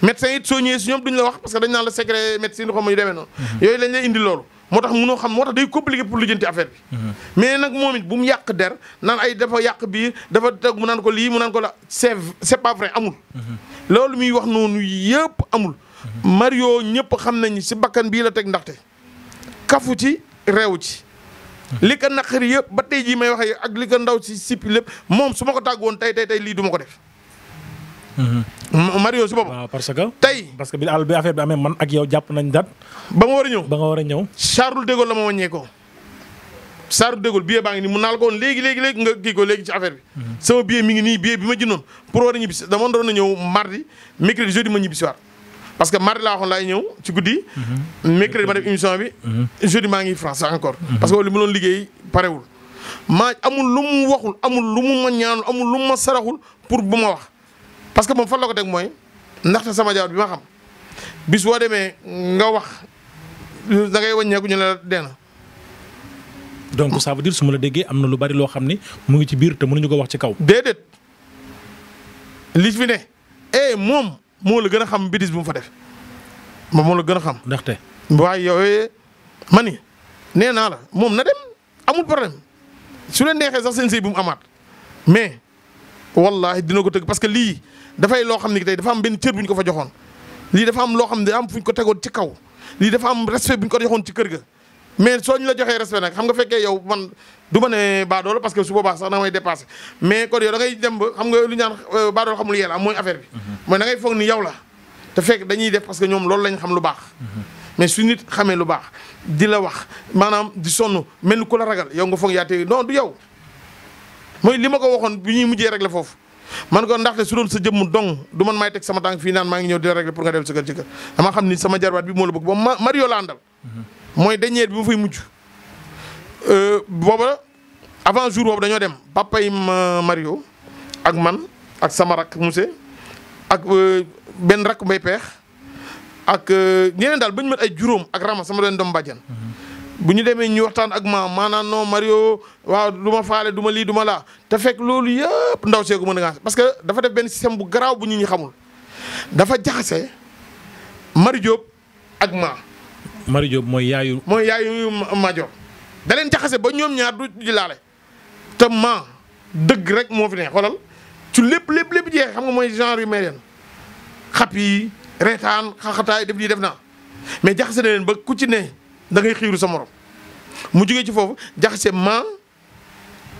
médecin it soo ñëwee si ñoom duñ la wax parce que dañ naan la secret médecine xaw ma yu demee noonu. Mm-hmm. yooyu lañ lay indi loolu. moo tax munoo xam moo tax day compliqué pour lijjanti affaire bi. Mhm. mais nag moom it bu mu yàq der naan ay dafa yàq bii dafa teg mu naan ko lii mu naan ko la c'est c'est pas vrai amul. Mhm. loolu muy wax noonu yëpp amul. Mhm. Mario ñëpp xam nañu si bakkan bii la teg ndaxte kafu ci réew ci. li ko naqari yëpp ba tey jii may waxee ak li ko ndaw si sipi lépp moom su ma ko tàggoon tey tey tey lii duma ko def. Mm-hmm. Mario si boppam. waaw parce que. tey parce que bi àll bi affaire bi amee man ak yow jàpp nañ dat. ba nga war a ñëw ba nga war a ñëw. Charles de Gaulle la ma wàññee ko. Charles de Gaulle baa ngi nii mun naa la ko woon léegi léegi léegi nga kii ko léegi ci affaire bi. Mm-hmm. sama billet mi ngi nii billet bi ma jëndoon pour war a ñibbi si dama na ñëw mardi mercredi jeudi ma ñibbi si waat parce que mardi laa waxoon laay ñëw ci guddi. Mm-hmm. mercredi ma def bi. jeudi maa ngi France encore. parce que li ma doon liggéey parewul maa amul lu mu waxul amul lu mu ma ñaanul amul lu mu ma saraxul pour bu ma wax parce que moom fan la ko deg mooy ndaxte sama jabar bi ma xam bis boo demee nga wax da ngay wàññeeku ñu la dee na. donc ça veut suma la déggee am na lu bari loo xam ni mu ngi ci biir te ñu ko wax ci kaw. déedéet li fi ne eh moom moo la gën a xam bêtise bu mu fa def moom moo la gën a xam. ndaxte waaye yooyu eh, ma ni nee naa la moom na dem amul problème su leen neexee sax seen sëy bu mu amaat mais. wallahi dina ko tëgg parce que lii dafay loo xam ne tey dafa am benn cër bu ñu ko fa joxoon lii dafa am loo xam ne am fu ko tegoon ci kaw lii dafa am respect bu ñu ko joxoon ci kër mais soo la joxee respect nag xam nga fekkee yow man du ma ne baadoola parce que su sax da may dépassé mais kon yow da ngay dem ba xam nga lu ñaan euh, baadoola am mooy affaire bi mm-hmm. mooy da ngay ni yow la te fekk dañuy def parce que ñoom loolu lañ xam lu baax mm-hmm. mais su nit xamee lu baax di la wax maanaam di sonn mel ni ku la ragal yow nga foog yaa tey non du yow mooy li ma ko waxoon bi ñuy mujjee régler foofu man ko ndaxte su doon sa jëmm dong du man may teg sama tànk fii naan maa ngi ñëw di régler pour nga dem sa kër ci kër dama xam ni sama jarbaat bi moo la bëgg ba ma Mario la àndal mhm. mooy dernier bi mu fay mujj euh, booba avant jour boobu dañoo dem papa Mario ak man ak sama rakk Mousse ak euh, benn rakk mbay peex ak euh, ñeneen daal ba ñu ay juróom ak rama sama doon doom bàjjan mhm. bu ñu demee ñu waxtaan ak maa maanaam non Mario waaw du ma faale duma lii duma laa te fekk loolu yëpp ndaw see ma mën parce que dafa def benn système bu garaaw bu ñu ñu xamul dafa jaxase Mario Diop ak ma. Mario Diop mooy yaayu. mooy yaayu Madior da leen jaxase ba ñoom ñaar du di te ma dëgg rek moo fi ne xoolal ci lépp lépp lépp jeex xam nga mooy genre yu mel leen xap yi reetaan xaxataay def lii def naa mais jaxase na leen ba ku ci ne. dangay ngay xiiru sa moroom mu jógee ci foofu jaxase ma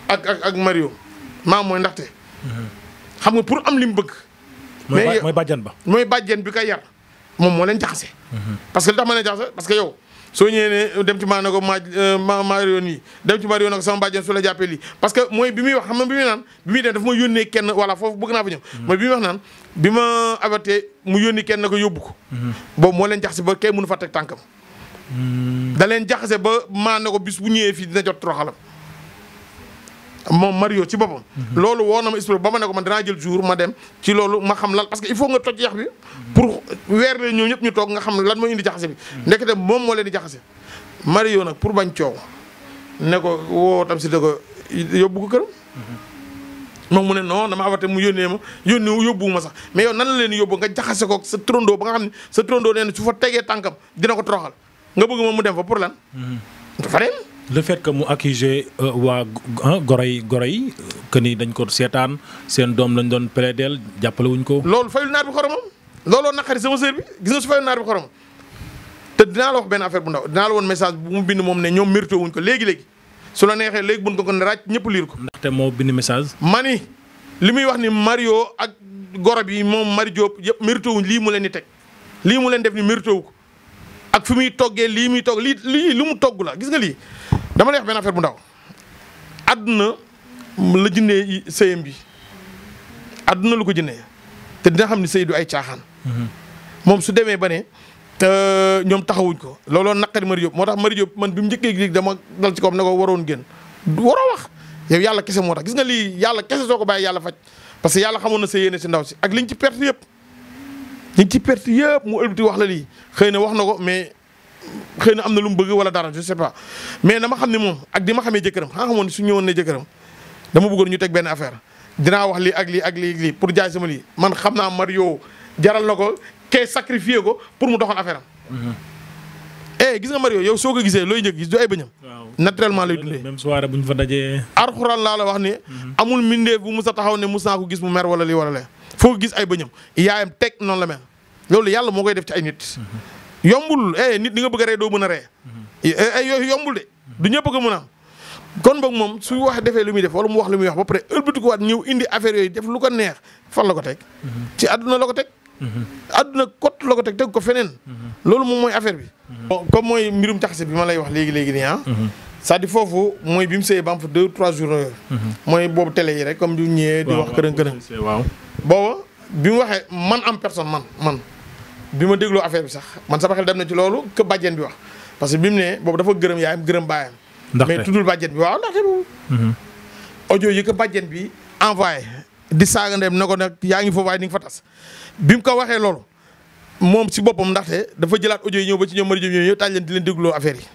ak ak ak Mario ma mooy ndaxte. xam nga pour am li mu bëgg. mais mooy bàjjen ba. mooy bàjjen bi kay yar moom moo leen jaxase. parce que li tax parce que yow soo ñëwee ne maa ne ko ma euh, Mario nii dem ci Mario ne ko sama bàjjen su la jàppee lii. parce que mooy bi muy wax xam bi muy naan bi daf ma yónnee foofu bëgg naa fa ñëw. Hmm. mooy naan bi ma averté mu yónni kenn ko yóbbu ko. Hmm. boobu moo leen jaxase ba kay mënu fa teg tànkam. da leen jaxase ba maa ne ko bis bu ñëwee fii dina jot toroxalam moom Mario ci boppam. Mhm. loolu woo na ma expliqué ba ma ne ma danaa jël jour ma dem ci loolu ma xam lan parce que il faut nga toj yax bi. pour weer leen ñoom ñëpp ñu toog nga xam lan mooy indi jaxase bi. Mhm. ndekete moom moo leen jaxase. Mario nag pour bañ coow ne ko woo si ne ko ko këram. Mhm. moom mu ne non dama awate mu yónnee ma yónnee yóbbuwu ma sax mais yow nan la leen yóbbu nga jaxase ko sa turandoo ba nga xam ne sa turandoo nee na su fa tegee tànkam dina ko toroxal. nga bëgg moom mu dem fa pour lan. Mhm. dafa dem. le fait que mu accusé euh, waa ah, goro yi goro yi que ni dañ ko seetaan seen doom lañ doon plaideel jàppale wuñ ko. loolu fayul naar bi xoromam looloo naqari sama sœur bi gis nga su fayul naar bi xoromam te dinaa la wax benn affaire bu ndaw dinaa la woon message bu mu bind moom ne ñoom mérité wuñ ko léegi léegi su la neexee léegi buñ ko ko ne raaj ñëpp lii ko. ndaxte moo bind message. mani li muy wax ni Mario ak goro bi moom Marie yëpp mérité lii mu leen di teg lii mu leen def ni ko. ak fi muy toggee lii muy togg lii lii lu mu togg la gis nga lii dama lay wax benn affaire bu ndaw àdduna la jëndee sëyam bi àdduna lu ko jëndee te dina xam ni sëy du ay caaxaan mm-hmm. moom su demee ba ne ñoom taxawuñ ko looloo naqari Mari Diop moo tax Mari Diop man bi mu njëkkee léegi dama dal ci kawam ne ko waroon génn waroo wax yow yàlla kese moo tax gis nga lii yàlla kese soo ko bàyyi yàlla faj parce que yàlla xamoon na sa yéene si ndaw si ak liñ ci perte yëpp ñi ci perte yëpp mu ëlbati wax la lii xëy na wax na ko mais xëy na am na lu mu bëgg wala dara je sais pas mais na xam ne moom ak di ma xamee jëkkëram xaa xamoon su ñëwoon ne jëkkëram dama bëggoon ñu teg benn affaire dinaa wax lii ak lii ak lii lii pour jaay sama lii man xam naa Mario jaral na ko kay sacrifié ko pour mu doxal affaire am. Mhm. eh gis nga Mario yow soo ko gisee looy njëkk gis du ay bëñam. naturellement lay dundee même soirée bu ñu fa dajee. arxuraan laa la wax ni. Mhm. amul mbindeef bu mus a taxaw ne mus naa ko gis mu mer wala lii wala lee. foo gis ay bëñam yaayam teg noonu la mel. loolu yàlla moo koy def ci ay nit. yombul eh nit ni nga bëgg a ree doo mën a ree. ay eh, eh, yooyu yombul de du ñëpp ko mën a am kon boog moom suy waxee defee lu muy def wala mu wax lu muy wax ba pare ëlbatikuwaat ñëw indi affaire yooyu def lu ko neex fan la ko teg. ci àdduna la ko teg. àdduna kot la teg teg ko feneen. loolu moom mooy affaire bi. comme mooy mbirum jaxase bi ma lay wax léegi léegi nii ah. cest à foofu mooy bi mu sëyee ba am deux trois jours yooyu. mooy boobu télé yi rek comme bi mu ñëwee. di wax kërën kërën. booba bi mu waxee man am personne man man. bi ma dégloo affaire bi sax man sama xel dem na ci loolu que bàjjen bi wax parce que bi mu ne boobu dafa gërëm yaayam gërëm baayam. mais tuddul bàjjen bi waaw ndaxte boobu. Mhm. yi que bàjjen bi envoyé di saaga ndeyam ne ko nag yaa ngi foofu waaye ni nga fa tas bi mu ko waxee loolu moom si boppam ndaxte dafa jëlaat audio yi ñëw ba ci ñoom Marie Diop ñëw taaj leen di leen dégloo affaire yi.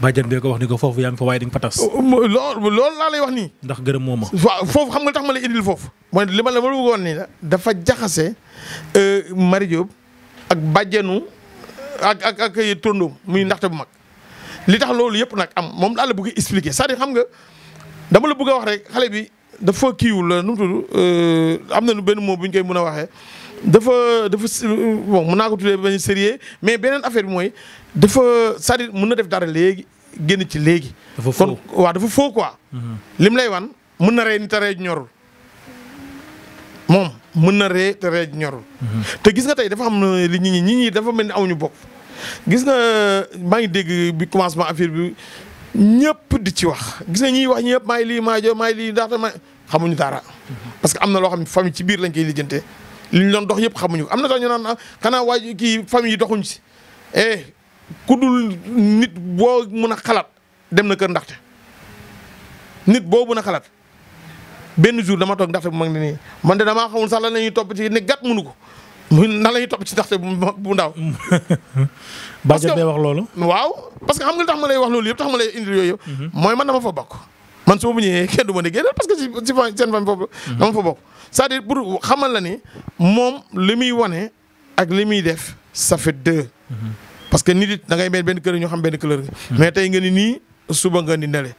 bàjjen bee ko wax ni ko foofu yaa ngi fa waaye di fa tas. Oh, loolu laa lay wax nii. ndax gërëm moo ma. waaw foofu xam nga tax ma lay indil foofu. mooy li ma la ma bëggoon nii dafa jaxase euh, Marie ak bàjjenu ak ak ak ay tóndóom muy ndaxte bu mag li tax loolu yëpp nag am moom daal la bëgg expliquer cest à xam nga dama la bugg a wax rek xale bi dafa kiiwul la nu mu tudd euh, am nañu benn mot bu ñu koy mën a waxe dafa dafa bon mën naa ko tuddee benn mais beneen affaire bi mooy dafa c'est-à-dire mën na def dara léegi génn ci léegi. dafa faux waa dafa faux quoi. Mhm. lim lay wan mën na rey nit a rey ñorul moom. mën na ree te ree ñorul. Mhm. te gis nga tey dafa am euh, li nit ñi nit ñi dafa mel ni amuñu bopp. gis nga euh, maa ngi dégg bi commencement affaire bi ñëpp di ci wax gis nga ñiy wax ñëpp maay lii maa jo maay lii ndaxte maay xamuñu dara. Mhm. parce que am na loo xam ne famille ci biir lañ koy lijjantee li ñu doon dox yëpp xamuñu am na sax ñu naan ah, xanaa waay kii famille yi doxuñ si. eh ku dul nit boo mun a xalaat dem na kër ndaxte nit boo mun a xalaat. benn jour dama toog ndaxte bu mag ni nii man de damaa xamul sax la ñuy topp ci ne gàtt mënu ko muy nan la ñuy topp ci ndaxte bu bu ndaw. parce wax loolu. waaw parce que xam nga li tax ma lay wax loolu yëpp tax ma lay indi yooyu mhm. mooy man na dama fa bokk. man su ma ñëwee kenn du ma ne génnal parce que si si seen famille mhm. xamal la ni moom li muy wane ak li muy def ça fait mhm. parce que nit it da ngay mel benn kër ñu xam benn couleur mais tey nga ni nii suba nga ni ndale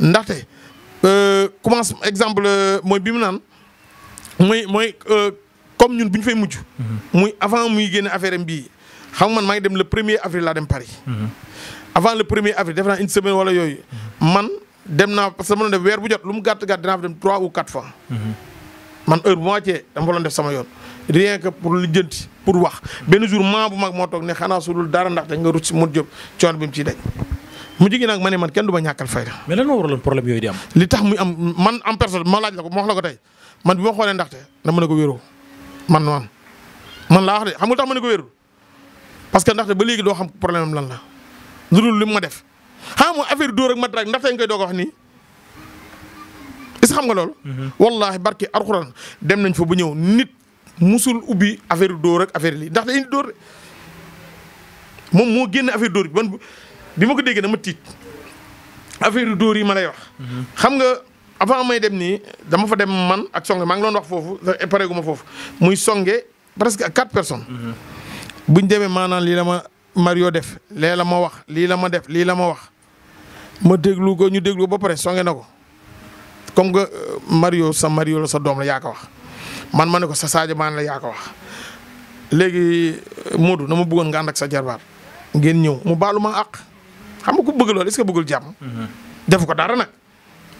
ndaxte. Euh, commence exemple euh, mooy bi mu naan mooy mooy euh, comme ñun bu ñu fay mujj. Mhm. muy avant muy génne affaire am bii xam man maa dem le premier avril laa dem Paris. Mhm. avant le premier avril def naa une semaine wala yooyu. Mhm. man dem naa parce que ma doon weer bu jot lu mu gàtt gàtt dinaa fa dem trois ou quatre fois. man heure bu ma wàccee dama fa doon def sama yoon. rien que pour lijjanti pour wax benn jour maa bu mag moo toog ne xanaa su dul dara ndax dañ nga rut si mot jóg coono bi mu ciy daj. mu gi nag ma ne man kenn du ma ñàkkal fayda. mais lan moo am. li tax muy am man en personne ma laaj la ko ma wax la ko tey man bi ma xoolee ndaxte dama ne ko wéeroo man man man laa wax de xam tax ma ne ko wéerul parce que ndaxte ba léegi doo xam problème lan la lu dul lim ma def xam nga affaire dóor ak mat rek ndaxte nga koy doog a wax nii. is xam nga loolu. Mhm. wallaahi barki alxuraan dem nañ fa bu ñëw nit musul ubbi affaire door ak affaire lii ndaxte indi dóor moom moo génn affaire dóor bi man. bi ma ko déggee ma tiit affaire dóor yi ma lay wax. xam nga avant may dem nii dama fa dem man ak songe maa ngi doon wax foofu pare gu ma foofu muy songe presque ak quatre personnes. Mm-hmm. buñ demee maanaam lii la ma Mario def lee la ma wax lii la ma def lii la ma wax ma déglu ko ñu déglu ba pare songe na ko comme que euh, Mario sa Mario la sa doom la yaa ko wax man ma ne ko sa Sadio Mané la yaa ko wax. léegi euh, Modou na ma bëggoon nga ànd ak sa jarbaar ngeen ñëw mu ma àq. xam nga ko bëgg loolu est que bëggul jàmm. Mm-hmm. def ko dara nag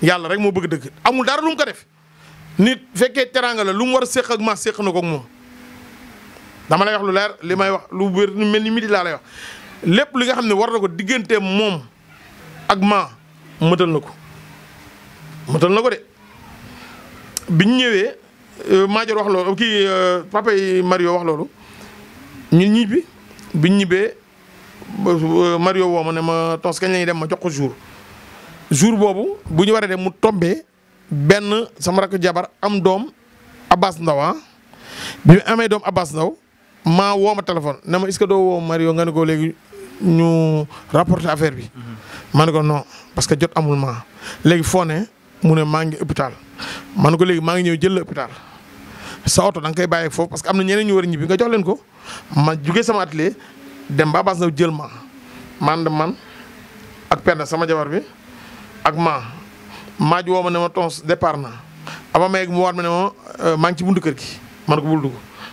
yàlla rek moo bëgg dëgg amul dara lu mu ko def nit fekkee teraanga la lu mu war a séq ak ma séq na ko ak moom. dama lay wax lu leer li may wax lu wér ni mel ni midi laa lay wax lépp li nga xam ne war na ko diggantee moom ak ma mëtal na ko mëtal na ko de biñ ñëwee euh, Madior wax loolu kii euh, papa yi Mario wax loolu ñu ñibbi bi ñibbee Mario woo ma ne ma tos ka la dem ma jox ko jour jour boobu bu ñu waree dem mu tombee benn sama rakk jabar am doom Abbas Ndaw ah bi mu amee doom a Abbas Ndaw maa woo ma téléphone ne ma est-ce doo woo Mario nga ne ko léegi ñu rapporter affaire bi. Mm-hmm. ma ne ko non parce que jot amul maa léegi foo ne mu ne maa ngi hôpital ma ko léegi maa ngi ñëw jël la hôpital sa oto da nga koy bàyyi foofu parce que am na ñeneen ñu war a ñibbi nga jox leen ko ma jugee sama atelier dem ba Abass Ndao jël ma man de man ak Penda sama jabar bi ak ma maaj woo ma ne ma tons départ na ama ma yegg mu waat ma ne ma euh, maa ci buntu kër gi man ko bul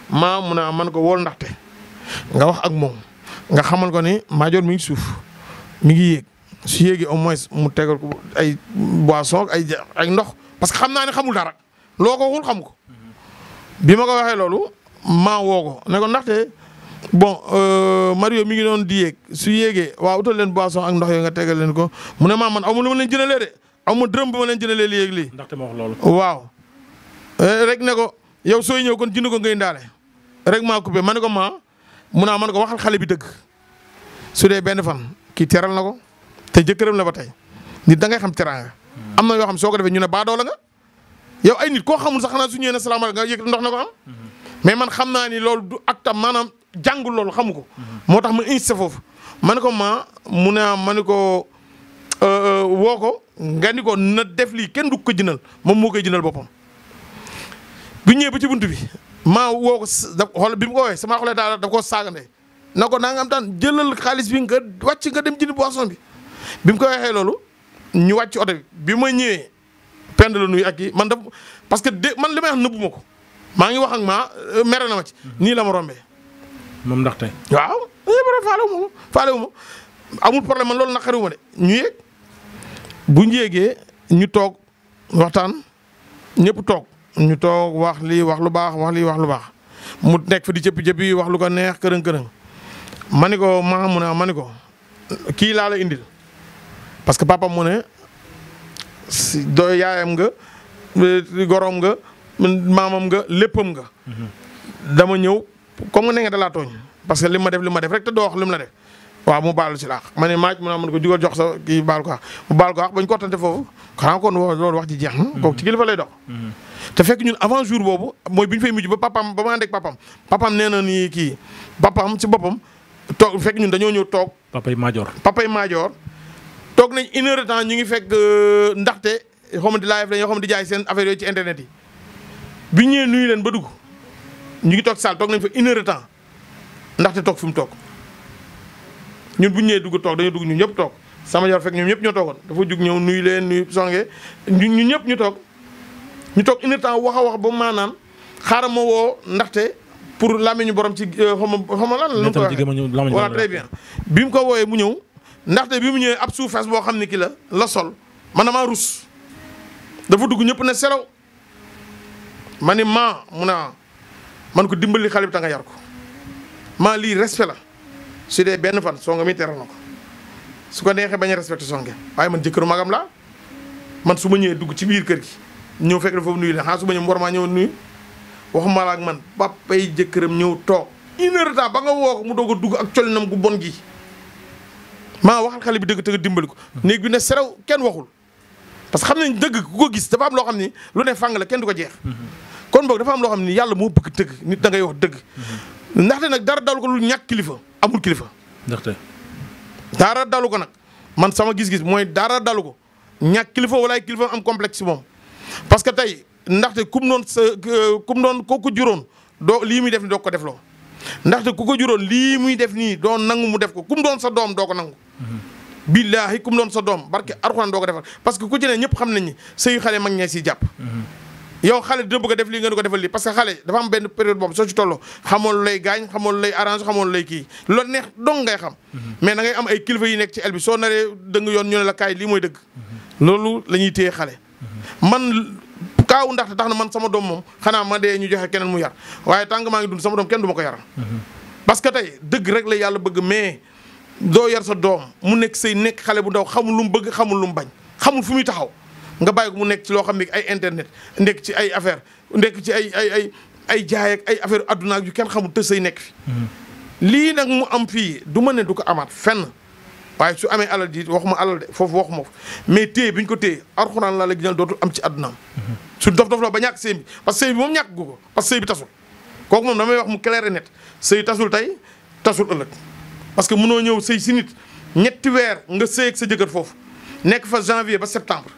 man ko wóol ndaxte nga wax ak moom nga xamal ko ni maajoor mi ngi suuf mi ngi yéeg su yéegee au moins mu tegal ko ay boisson ay ay ndox parce que xam naa ne xamul dara loo ko waxul xam ko bi waxee loolu maa woo ko ne bon euh, Mario mi ngi doon di yéeg su yéegee waaw utal leen boisson ak ndox yooyu nga tegal leen ko mu ne maa man amu lu ma leen jënalee de amu dërëm bu ma leen jënalee li yéeg lii. ndaxte ma eh, ko yow sooy ñëw ko ngay ma ne ko maa mu naa man ko waxal xale bi dëgg su dee benn fan kii teral na ko te jëkkëram la ba tey nit da xam teraanga. Mm-hmm. am na yoo xam soo ko defee ñu ne baadoo la nga yow ay nit koo xamul sax xanaa su ñëwee ne salaamaaleykum nga yëg ndox na ko am mm-hmm. mais man xam naa ni loolu du ak tam maanaam jàngul loolu xamu ko. moo tax ma insisté foofu ma ne ko maa mu ne ma ne ko euh, euh, woo ko nga ni ko na def lii kenn du ko jinal moom moo koy jënal boppam. bu ñëwee ba ci bunt bi maa woo ko xool bi mu woowee sama xoolee daal daf ko naa nga am jëlal xaalis bi nga wàcc nga dem jënd boisson bi. bi mu ko waxee ñu wàcc oto bi bi ma ñëwee pend la nuyu ak yi man daf parce que man li may wax nëbbu ma ko maa ngi wax ak maa mere na ci nii la ma moom ndaxte tey. waaw yëpp eh, faalewu ma faalewu ma amul problème man loolu naqariwu de ñu yéeg bu ñu yéegee ñu toog waxtaan ñëpp toog ñu toog wax lii wax lu baax wax lii wax lu baax mu nekk fi di cëppi cëppi wax lu ko neex kërën kërën ma ni ko ma mu ne ma ni ko kii laa la indil parce que papa mu ne si doo yaayam nga eh, gorom nga maamam nga léppam nga mhm. dama ñëw. comme ne nga dalaa tooñ parce que li ma def li ma def rek te doo wax la def waaw mu baalu si laax ma maaj mu naa mën ko jugal jox sa kii baalu ko wax mu baal ko wax bañ ko tante foofu xanaa kon loolu wax ji jeex na mm-hmm. kooku ci kilifa lay dox mm-hmm. te fekk ñun avant jour boobu mooy bi ñu fay mujj ba papam ba ma ànd ak papam papam nee na ni kii papam si boppam toog fekk ñun dañoo ñëw toog papay maajoor papay maajoor toog nañ une heure de temps ñu ngi fekk euh, ndaxte xaw ma di live la ñoo xam di jaay seen affaire ci internet yi bi ñëwee nuyu leen ba dugg ñu ngi toog salle toog nañ fa une heure ndaxte toog fi mu toog ñu bu ñëwee dugg toog dañu dugg ñu ñëpp toog sama yor fekk ñoom ñëpp ñoo toogoon dafa jug ñëw nuyu leen nuyu songe ñun ñëpp ñu toog ñu toog une heure de temps wax a wax ba maanaam xaaral ma woo ndaxte pour làmmiñu borom ci euh, xama xama lan la. ko voilà très bien. bi mu ko wooyee mu ñëw ndaxte bi mu ñëwee ab suufees boo xam ne ki la la sol man damaa rus dafa dugg ñëpp ne selaw ma maa mu ne ah. man ko dimbali xale bi tanga nga yar ko maa lii respect la su dee benn fan songa mi teral na ko su ko neexee bañ a respecté waaye man jëkkëru magam laa man su ma ñëwee dugg ci biir kër gi ñëw fekk dafa nuyu la xanaa su ma ñëw war maa ñëw nuyu waxuma la ak man papay jëkkëram ñëw toog une heure woo mu doog dugg ak colinam gu bon gi maa waxal xale bi dëgg te dimbali ko néeg bi serew kenn waxul parce que xam nañ dëgg ku ko gis dafa am loo xam ni lu ne fàng la kenn du ko jeex kon boog dafa am loo xam ni yàlla moo bëgg dëgg nit da ngay wax dëgg ndaxte nag dara dalu ko lu ñàkk kilifa amul kilifa ndaxte dara dalu ko nag man sama gis-gis mooy dara dalu ko ñàkk kilifa walaay kilifa am complexe moom parce que tey ndaxte kum noon sa kum noon koo ko doo lii muy def doo ko def loo ndaxte ku ko juróon lii muy def nii doon nangu mu def ko kum doon sa doom doo ko nangu mm-hmm. billaahi kum doon sa doom barke arxuraan doo ko defal parce que ku ci ne ñëpp xam nañ ni sëyu xale mag ñee siy jàpp mm-hmm. yow xale dina bëgg a def lii ngeen ko defal lii parce que xale dafa am benn période boobu soo ci tolloo xamoo lu lay gaañ xamoo lu lay arrange xamoo lu lay kii loolu neex ngay xam. Mhm. mais da am ay kilifa yi nekk ci el bi soo dëng yoon ñu ne la kaay lii mooy dëgg. Mhm. loolu la ñuy téye xale. Mhm. man kaawu ndaxte tax na man sama doom moom xanaa ma dee ñu joxe keneen mu yar waaye tàng maa ngi dund sama doom kenn du ma ko yaral. parce que tey dëgg rek la yàlla bëgg mais doo yar sa doom mu nekk say nekk xale bu ndaw xamul lu mu bëgg xamul lu mu bañ xamul fu muy taxaw nga bàyyi ko mu nekk ci loo xam ne ay internet nekk ci ay affaire nekk ci ay ay ay ay jaay ay affaire adduna ak yu kenn xamul te say nekk fi. Mm-hmm. lii nag mu am fii du ma ne du ko amaat fenn waaye su amee alal ji waxuma alal de foofu waxuma ko mais téye bi ñu ko téye arxuraan laa la gënal dootul am ci addunaam. Mm-hmm. su dof dof la ba ñàkk sëy bi parce que sëy bi moom ñàkk gu ko parce que sëy bi tasul kooku moom damay wax mu clair et net sëy tasul tey tasul ëllëg parce que mënoo ñëw sëy si nit ñetti weer nga sëy ak sa foofu nekk fa janvier ba septembre.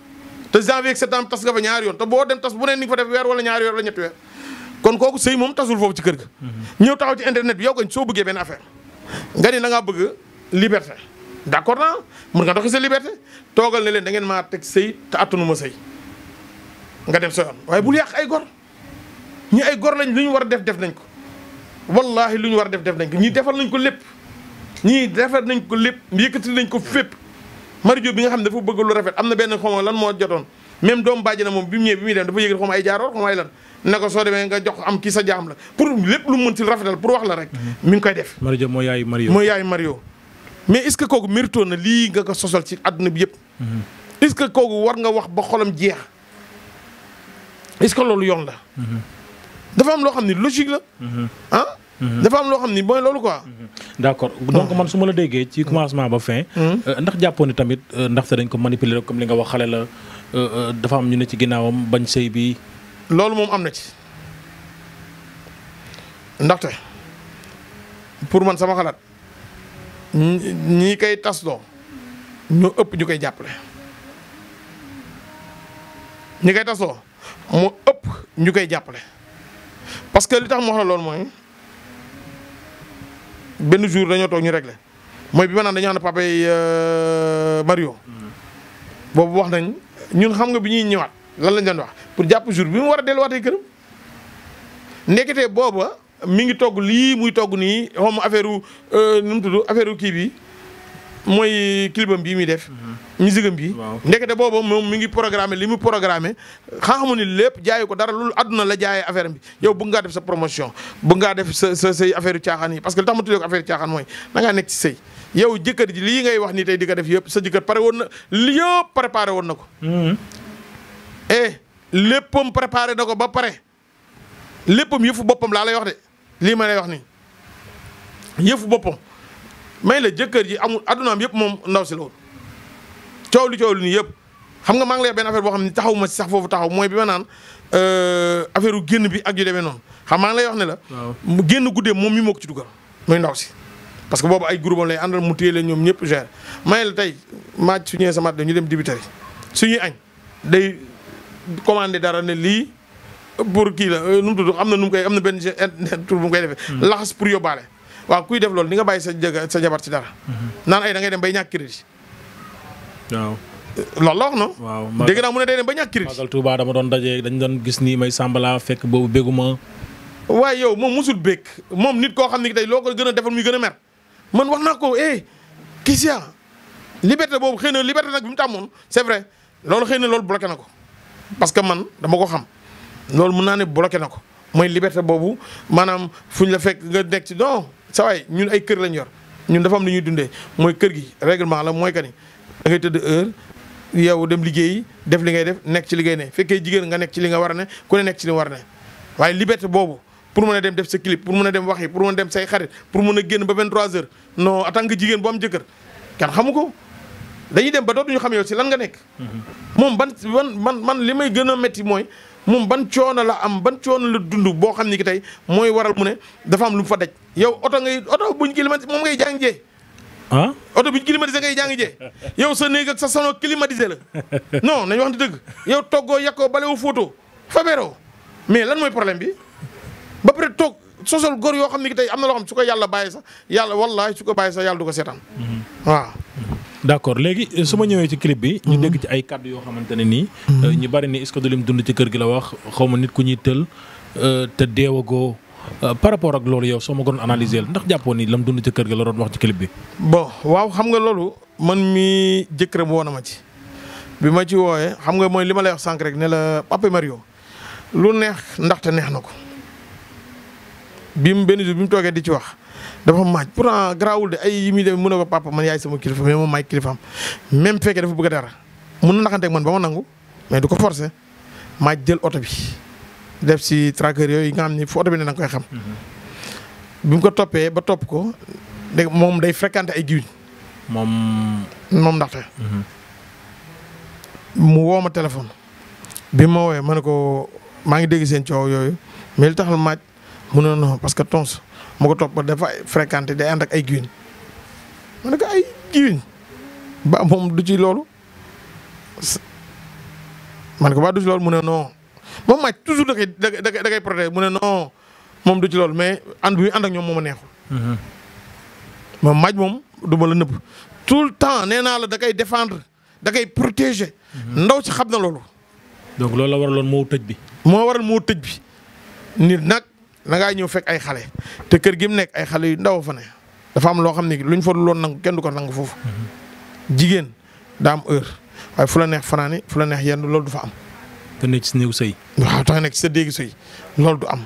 te janvier ak septembre tas nga fa ñaari yoon te boo dem tas bu ne ni fa def weer wala ñaari weer wala ñetti weer kon kooku sëy moom tasul foofu ci kër ga. Mhm. ñëw taxaw ci internet bi yow kañ soo bëggee benn affaire nga ni da ngaa bëgg liberté d'accord naa mën nga doxi sa liberté toogal ne leen da ngeen maa teg sëy te attanu ma sëy nga dem sa yoon waaye bul yàq ay gor ñi ay gor lañ lu ñu war a def def nañ ko wallahi lu ñu war a def def nañ ko ñii defal nañ ko lépp ñii defar nañ ko lépp yëkkati nañ ko fépp. Mary bi nga xam ne dafa bëgg lu rafet am na benn xaw lan moo jotoon même doomu bàjji na moom bi mu ñëwee bi muy dem dafa yëgal xaw ma ay jaaroor xaw ay lan ne soo demee nga jox am kii sa jaam la pour lépp lu mën rafetal pour wax la rek mi koy def Mary Diop mooy yaayu Mario mais est-ce que kooku méritoon na lii nga ko sosal ci àdduna bi yëpp mhm. ce que kooku war nga wax ba xolam jeex est-ce que loolu yoon la mhm. dafa am loo xam ne logique la mhm. ah? Mhm. dafa am loo xam ni mooy loolu ko mhm. d' accord donc man su ma la déggee ci commencement ba fin. Mhm. Euh, ndax jàppoon ni tamit euh, ndaxte dañ ko manipuler comme li nga wax xale la euh, dafa am ñu ne ci ginnaawam bañ sëy bi. loolu moom am na ci ndaxte pour man sama xalaat ñi koy tas doo ñoo ëpp ñu koy jàppale. ñi koy tasoo moo ëpp ñu koy jàppale parce que li tax ma wax la loolu mooy. benn jour dañoo toog ñu réglé mooy bi ma naan dañoo xam ne papa euh, Mario. boobu wax nañ ñun xam nga bi ñuy ñëwaat lan lañ doon wax pour jàpp jour bi mu war a delluwaatee këram ndeketee booba mi ngi togg lii muy togg nii xaw ma affaire euh, nu mu tudd affaire kii bi mooy kilibam bii muy def. Mm-hmm. misigam bi ndekete booba moom mi ngi programmé li mu programme xamu ni lépp jaayu ko dara loolu àdduna la jaayee affaire bi yow bëgg ngaa def sa promotion bëgg ngaa def sa sa say affaire caaxaan yi parce que li tax ma tuddee ko affaire caaxaan mooy da nekk ci sëy yow jëkkër ji lii ngay wax nii tey di ko def yëpp sa jëkkër pare woon na li yëpp préparé woon na ko hmm. eh léppam na ko ba pare léppam yëfu boppam laa lay wax de lii ma lay wax nii yëpp boppam may la jëkkër ji amul addunaam yëpp moom ndaw si la coow li coow li nii yëpp xam nga maa ngi boo xam ne taxaw ma sax foofu taxaw mooy bi ma naan euh, affaire u génn bi ak yu demee noonu xam lay wax ne la. mu génn guddee moom mi moo ko ci dugal muy ndaw si. parce que boobu ay groupe lay àndal mu téye leen ñoom ñëpp gère may la tey maaj su ñëwee sama ñu dem dibitari suñuy añ day commandé dara ne lii pour kii la euh, nu mu am na nu mu koy am na benn tour bu mu koy defee. Hmm. laxas pour yóbbaale waaw kuy def loolu ni nga bàyyi sa jëga sa jabar si dara. Hmm. naan ay da dem bay ñàkk crédit. waaw. loolu la wax noonu. waaw man dégg naa mu ne ba ñàkk crédit. Magal dama doon dajee dañu doon gis nii may sàmbala fekk boobu béguma waaye yow moom mosul bég moom nit koo xam ne day loo ko gën a defal muy gën a man wax naa ko eh Kisia liberté boobu xëy na liberté nag bi mu tàmmoon c'est vrai loolu xëy na loolu bloqué na ko parce que man dama ko xam loolu mun naa ne bloqué na ko mooy liberté boobu maanaam fu ñu la fekk nga nekk ci non sa ñun ay kër lañ yor ñun dafa lu ñuy dundee mooy kër gi règlement la mooy que da ngay tëdd heure yow dem liggéeyi def li ngay def nekk ci li ngay ne fekkee jigéen nga nekk ci li nga war a ne ku ne nekk ci li war a ne waaye liberté boobu pour mën a dem def sa clip pour mën a dem waxi pour mën a dem say xarit pour mën a génn ba 23h non en tant que jigéen bu am jëkkër kenn xamu ko dañuy dem ba dootuñu xam yow si lan nga nekk. moom ban ban man man li may gën a métti mooy moom ban coono la am ban coono la dund boo xam ni ki tey mooy waral mu ne dafa am lu fa daj yow oto ngay oto buñ kii moom ngay jàngee. ah oto bi climatisé ngay jàngi jee yow sa néeg sa salon climatisé la non nañu wax dëgg yow toggoo yakkoo bale wu photo fabeeroo mais lan mooy problème bi ba pare toog sosol góor yoo xam ne ki tey am na loo xam su ko yàlla bàyyi sax yàlla wallahi su ko bàyyi sax yàlla du ko seetaan mm-hmm. waaw d' accord léegi euh, su ma ñëwee ci clip bi. ñu mm-hmm. dégg ci ay kàddu yoo xamante ne nii. Mm-hmm. Euh, ñu bari ni est-ce dund ci kër gi la wax xaw ma nit ku ñuy tël euh, te deewagoo Euh, par rapport ak loolu yow soo ma ko doon analyser ndax jàppoo ni lam dund ci kër gi la doon wax ci clip bi. bon waaw xam nga loolu man mii jëkkër woon na ma ci bi ma ci wooyee xam nga mooy li ma lay wax sànq rek ne la Pape lu neex ndaxte neex na ko bi mu benn bi mu toogee di ci wax dafa maaj pourtant garaawul de ay yi muy demee mu ne ko papa man sama kilifa mais moom maay kilifaam même bu fekkee dafa bëgg dara mun na naxanteeg man ba ma nangu mais du ko forcer maa jël oto bi. def si tracker yooyu nga xam ni fu bi ne na nga koy xam. Mhm. bi mu ko toppee ba topp ko de moom day fréquenté ay giwuñ. moom. moom ndaxte. Mhm. mu wooma téléphone. bi ma woowee ma ne ko maa ngi dégg seen coow yooyu mais li tax maaj mu ne non parce que tons mu ko topp dafa fréquenté day ànd ak ay giwuñ ma ne ko ay giwuñ ba moom du ci loolu. ma ko ba du loolu mu ne non. moom maaj toujours da koy da koy da koy protéger mu ne non moom du ci loolu mais ànd bu ñu ànd ak ñoom moo ma neexul. moom màcc moom du ma la nëbb tout le temps nee naa la da koy défendre da koy protéger. ndaw si xam na loolu. donc loolu la waraloon moo tëj bi. moo waral moo tëj bi nit nag da ngaa ñëw fekk ay xale te kër gi mu nekk ay xale yu ndaw fa ne dafa am loo xam ne luñ fa loon nangu kenn du ko nangu foofu. Mhm. jigéen daa am heure waaye fu la neex fanaani fu la neex yenn loolu du fa am. nga nekk ci néegu sëy. waaw tax nekk ci sa déegu sëy loolu du am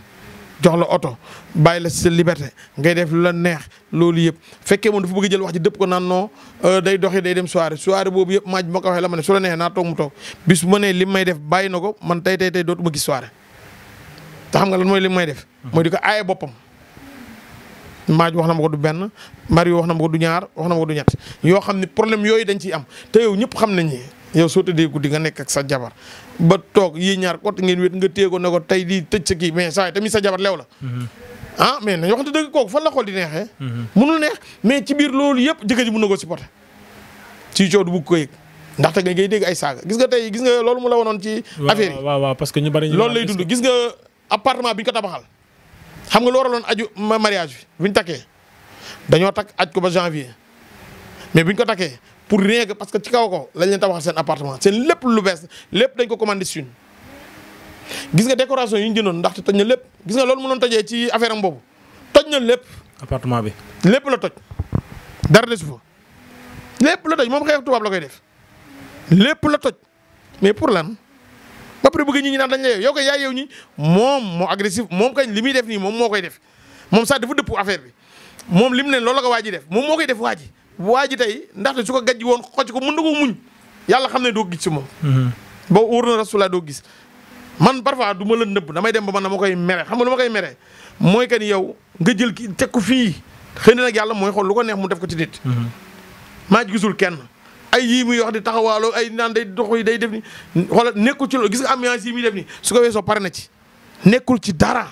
jox la oto bàyyi la ci sa liberté ngay def lu la neex loolu yëpp fekkee moom dafa bëgg jël wax ji dëpp ko naan noo euh, day doxi day dem soirée soirée boobu yëpp maaj bi ma la ma ne su la neexee mu toog bis bu ma nee li may def bàyyi na ko man tey tey tey dootuma gis soirée te xam nga lan mooy lim may def. mooy di ko aaye boppam. maaj wax na ma ko du benn Mario wax na ma ko du ñaar wax na ma ko du ñett yoo xam ne problème yooyu dañ ciy am te yow ñëpp xam nañ ñi yow soo tëddee guddi nga nekk ak sa jabar ba toog yii ñaar kot ngeen wét nga téye ko ne ko tey di tëj sa kii mais saa yi tamit sa jabar lew mm-hmm. ah mais nañu waxante dëgg kooku fan la xool di neexee. Mm-hmm. munul neex mais ci biir loolu yëpp jëkkër ji mun na ko supporter. ci coow du bugg ko yëg ndaxte nga ngay dégg ay saaga gis nga tey gis nga loolu mu la wanoon ci. affaire que ñu bari ñu loolu lay dund gis nga appartement bi ñu ko tabaxal. xam nga lu waraloon aju mariage bi ñu takkee dañoo takk aj ko ba janvier mais bu ñu ko takkee pour rien que parce que ci kaw ko lañ leen tabaxal seen appartement seen lépp lu bees lépp dañ ko commandé suñu gis nga décoration yi ñu jëndoon ndaxte toj na lépp gis nga loolu mënoon tojee ci affaire am boobu toj na lépp. appartement bi lépp la toj dara desu fa lépp la toj moom xeex tubaab la def lépp la toj mais pour lan ba pare bëgg ñi ñu naan dañ la yow yow kay yaay yow ñi moom moo agressif moom kay li muy def nii moom moo koy def moom sax dafa dëpp affaire bi moom li mu ne loolu la ko waa ji def moom moo koy def waa waa ji tey ndaxte su ko gajj woon xocc ko mun na koo muñ yàlla xam ne doo gis si moom mm-hmm. boo wóor na rasulaa doo gis man parfois du ma la nëbb damay dem ba man na ma koy mere xam nga lu ma koy mere mooy que ni yow nga jël ki teg ko fii xëy na nag yàlla mooy xool lu ko neex mu def ko ci nit mm-hmm. maa gisul kenn ay yii muy wax di taxawaaloo ay naan day dox yi day def ni xoolal nekkul ci loolu gis nga ambiance yi muy def ni su ko weesoo pare na ci nekkul ci dara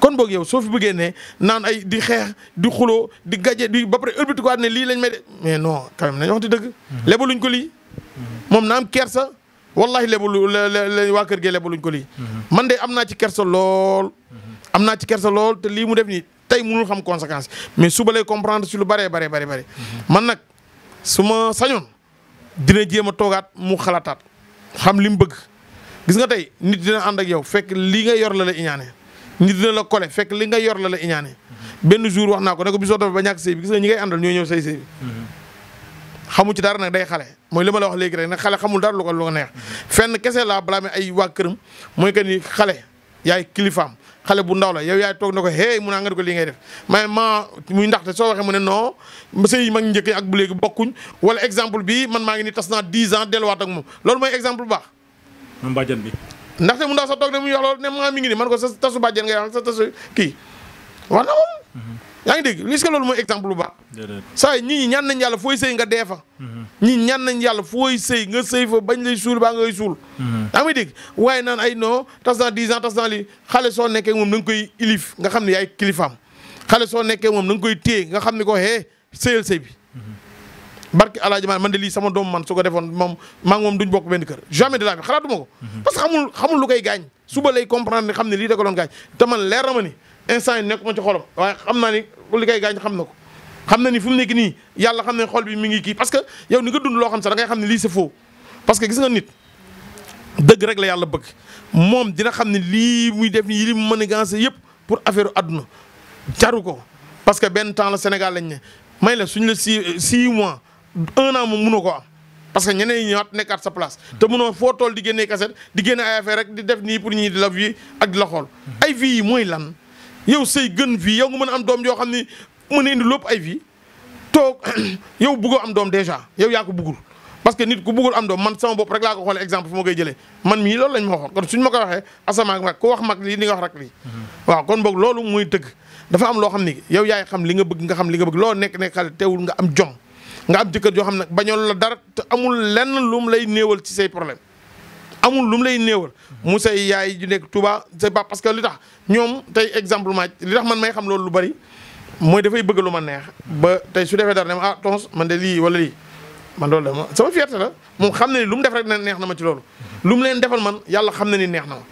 kon boog yow soo fi bëggee ne naan ay di xeex di xuloo di gaje di ba pare ëlbatikuwaat ne lii lañ may de mais non quand même nañ wax di dëgg. Mhm. lebaluñ ko lii. moom na kersa wallahi lebalu la waa kër gee lebaluñ ko lii. Mhm. man de am naa ci kersa lool. Mhm. am naa ci kersa lool te lii mu def nii tey mënul xam conséquence mais suba lay comprendre si lu bëree bare bare bëri. man nag su ma sañoon dina jéem a toogaat mu xalaataat xam li mu bëgg gis nga tey nit dina ànd ak yow fekk lii nga yor la la iñaane nit dina la kole fekk li nga yor la la iñaane benn jour wax naa ko ne ko bisoo dafa ba ñàkk sëy bi gis nga ñi ngay àndal ñooy ñëw sëy sëy bi xamu ci dara nag day xale mooy li ma la wax léegi rek nag xale xamul dara lu ko lu ko neex fenn kese laa blâmer ay waa këram mooy que ni xale yaay kilifaam xale bu ndaw la yow yaay toog na ko mun naa nga ko lii ngay def mais ma muy ndaxte soo waxee mu ne non sëy yi mag njëkk ak léegi bokkuñ wala exemple bi man maa ngi ni tas naa 10 ans delluwaat ak moom loolu mooy exemple bu baax. moom bi. ndaxte mu ndaw sax toog ne muy wax loolu ne maa mi ngi nii man ko sa tasu bàjjen ngay wax sa tasu kii wax na woon yaa ngi dégg est-ce loolu mooy exemple ba baax saa yi ñit ñi ñaan nañ yàlla fooy sëy nga dee fa ñi ñaan nañ yàlla fooy sëy nga sëy fa bañ lay suul baa ngay suul yaa ngi dégg waaye naan ay noo tas naa dix ans tas naa li xale soo nekkee moom na nga koy ilif nga xam ne yaay kilifaam xale soo nekkee moom na nga koy téye nga xam ne ko hee sëyal sëy bi barki alaaji man man de lii sama doom man su ko defoon moom maa ngi moom duñ bokk benn kër jamais de la vie xalaatuma ko mhm. parce que xamul xamul lu koy gaañ suba lay comprendre lii da ko doon gaañ te man leer na ni nekk ma ci xolam waaye xam naa ni li na ko xam na ni fu mu nekk nii yàlla xam ne xol bi mi ngi kii parce que yow ni nga loo xam sax da ngay xam ne lii c'est faux parce que dëgg rek la yàlla bëgg moom dina xam ne lii muy def nii li mu mën a gancé yëpp pour affaire àdduna jaru ko parce que benn temps la Sénégal lañ ne may la suñ la six six mois un an moom mënoo ko am parce que ñeneen ñi ñëwaat nekkaat sa place te mënoo foo tool di génnee kaset di génne ay affaire rek di def nii pour ñi di la vie ak di la xool ay vie yi mooy lan yow say gën vie yow nga mën am doom yoo xam ni mën a indi ay vie toog yow bëggoo am doom déjà yow yaa ko bëggul parce que nit ku bëggul am ko xoolee man mii loolu lañ ma waxoon kon suñ ma ko waxee asamaa mag ku wax mag lii di nga wax rek lii mhm. waaw kon boog loolu muy dëgg dafa am loo xam ni yow yaay xam li nga bëgg nga xam li nga bëgg loo nekk nekk xale teewul nga am jom nga am jëkkër joo xam ne bañoon la dara te amul lenn lum lay néewal ci say problème amul lum lay néewal mu say yaay ju nekk Touba c'est pas parce que li tax ñoom tey exemple ma li tax man may xam loolu lu bari mooy dafay bëgg lu ma neex ba tey su defee dara ne ah tons man de lii wala man loolu dama sama fierté la moom xam na lu mu def rek ne neex na ma ci loolu lu mu leen defal man yàlla xam ne ni neex na ma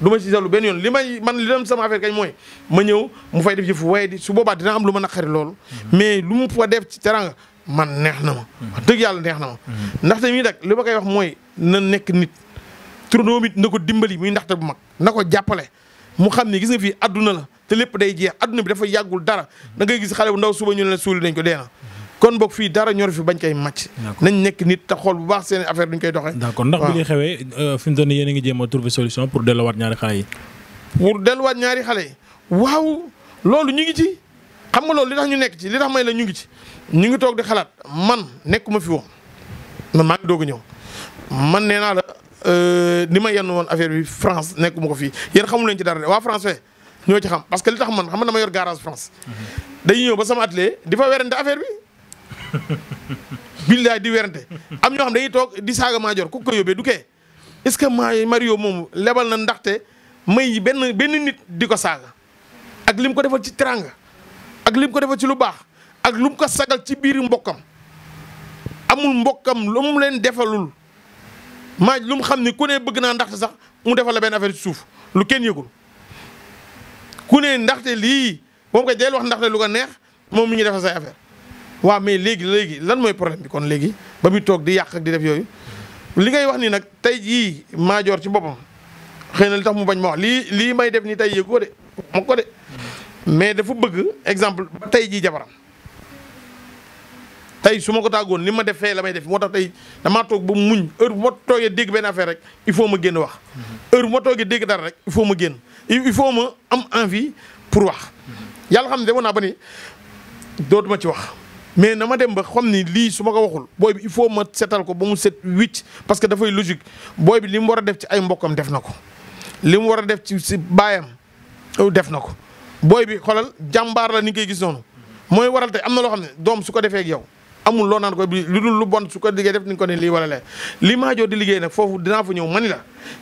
du ma ci dellu benn yoon li may man li doon sama affaire kañ mooy ma ñëw mu fay def fu waaye di su boobaa dina am lu ma naqari loolu mm-hmm. mais lu mu fa def ci teranga man neex na ma. wax dëgg yàlla neex na ma. ndaxte mii nag li ma koy wax mooy na nekk nit. turandoo bi na ko dimbali muy ndaxte bu mag na ko jàppale mu xam ne gis nga fii adduna la te lépp day jeex adduna bi dafa yàggul dara da ngay gis xale bu ndaw suba ñu ne la suuli nañ ko dee na. kon boog fii dara ñor fi bañ koy màcc. nañ nekk nit te xool bu baax seen affaire duñ koy doxee. d'accord ndax bi li xewee euh, fi mu toll nii ngi jéem a trouver solution pour delluwaat ñaari xale yi. pour delluwaat ñaari xale yi waaw loolu ñu ngi ci xam nga loolu li ñu nekk ci li tax may la ñu ngi ci ñu ngi toog di xalaat man nekkuma fi woon man maa ngi ñëw man nee naa la euh, ni ma yenn woon affaire bi France nekkuma ko fii yéen xamu leen ci dara de waa France fee ñoo ci xam parce que li tax man xam na dama yor garage France. dañuy ba sama atelier di fa werante affaire bi. billaay di werante am ñoo xam toog di saaga maa jor ko yóbbee du kee est ce que maay Mario moomu lebal na ndaxte may benn benn nit di ko saaga ak lim ko defal ci teranga ak lim ko defal ci lu baax. ak lu mu ko sagal ci biir mbokkam amul mbokkam lu mu leen defalul maaj lu mu xam ni ku ne bëgg naa ndaxte sax mu defal la benn affaire ci suuf lu kenn yëgul ku ne ndaxte lii moom koy deel wax lu ko neex moom mi ngi defal say affaire waaw mais léegi léegi lan mooy problème bi kon léegi ba muy toog di yàq di def yooyu li ngay wax ni nag tey jii maajoor ci boppam xëy na li mu bañ ma lii lii may def ni tey yëgu de ma ko mais dafa bëgg exemple ba tey jii jabaram tey su ma ko tàggoon ni ma def fee la may def moo tax tey damaa toog ba mu muñ heure bu ma toogee dégg benn affaire rek il faut ma génn wax. heure bu ma toogee dégg dara rek il faut ma génn il faut ma am envie pour wax. yàlla xam ne demoon naa ba ni dootuma ci wax mais na ma dem ba xam ni lii su ma ko waxul booy bi il faut ma setal ko ba mu set wicc parce que dafay logique booy bi li mu war a def ci ay mbokkam def na ko. li mu war a def ci si baayam oh, def na ko booy bi xoolal jàmbaar la ni ngay gis noonu mooy waral tey am na loo xam ne doom su ko defee yow. amul loo naan ko bi lu dul lu bon su ko liggéey def ni ko ne lii wala liggéey nag foofu dinaa fa ñëw mani la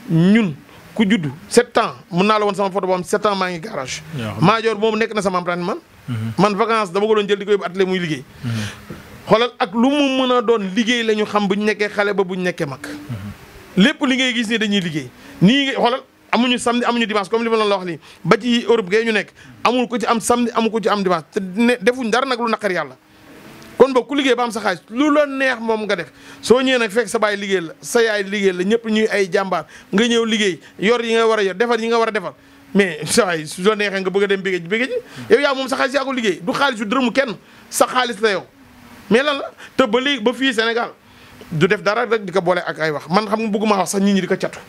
ñun ku judd sept ans mën naa la woon sama photo boo am sept ans maa ngi garage Maajoor moom nekk na sama empreinte man mm-hmm. man vacance dama ko doon jël di ko yóbbu atelier muy liggéey mm-hmm. ak lu mu mën a doon liggéey la ñu xam bu ñu nekkee xale ba bu ñu nekkee mag mm-hmm. lépp li gis ni dañuy liggéey nii nga xoolal amuñu samedi amuñu dimanche comme li ma la wax nii ba ci Europe gee ñu nekk amul ko ci am samedi amul ko ci am dimanche te defuñ dara nag lu naqar yàlla kon boog ku liggéey ba am sa xaalis lu la neex moom nga def soo ñëwee nag fekk sa baay liggéey la sa yaay liggéey la ñëpp ñuy ay jàmbaar nga ñëw liggéey yor yi nga war a yor defar yi nga war a defal mais sa waay su nga bëgg dem bégee ji bégee ji yow yaa moom sa xaalis yaa ko liggéey du xaalis yu dërëmu kenn sa xaalis la yow mais lan te ba léegi ba fii Sénégal du def dara rek di ko boole ak ay wax man xam nga bëgguma wax sax nit ñi di ko catu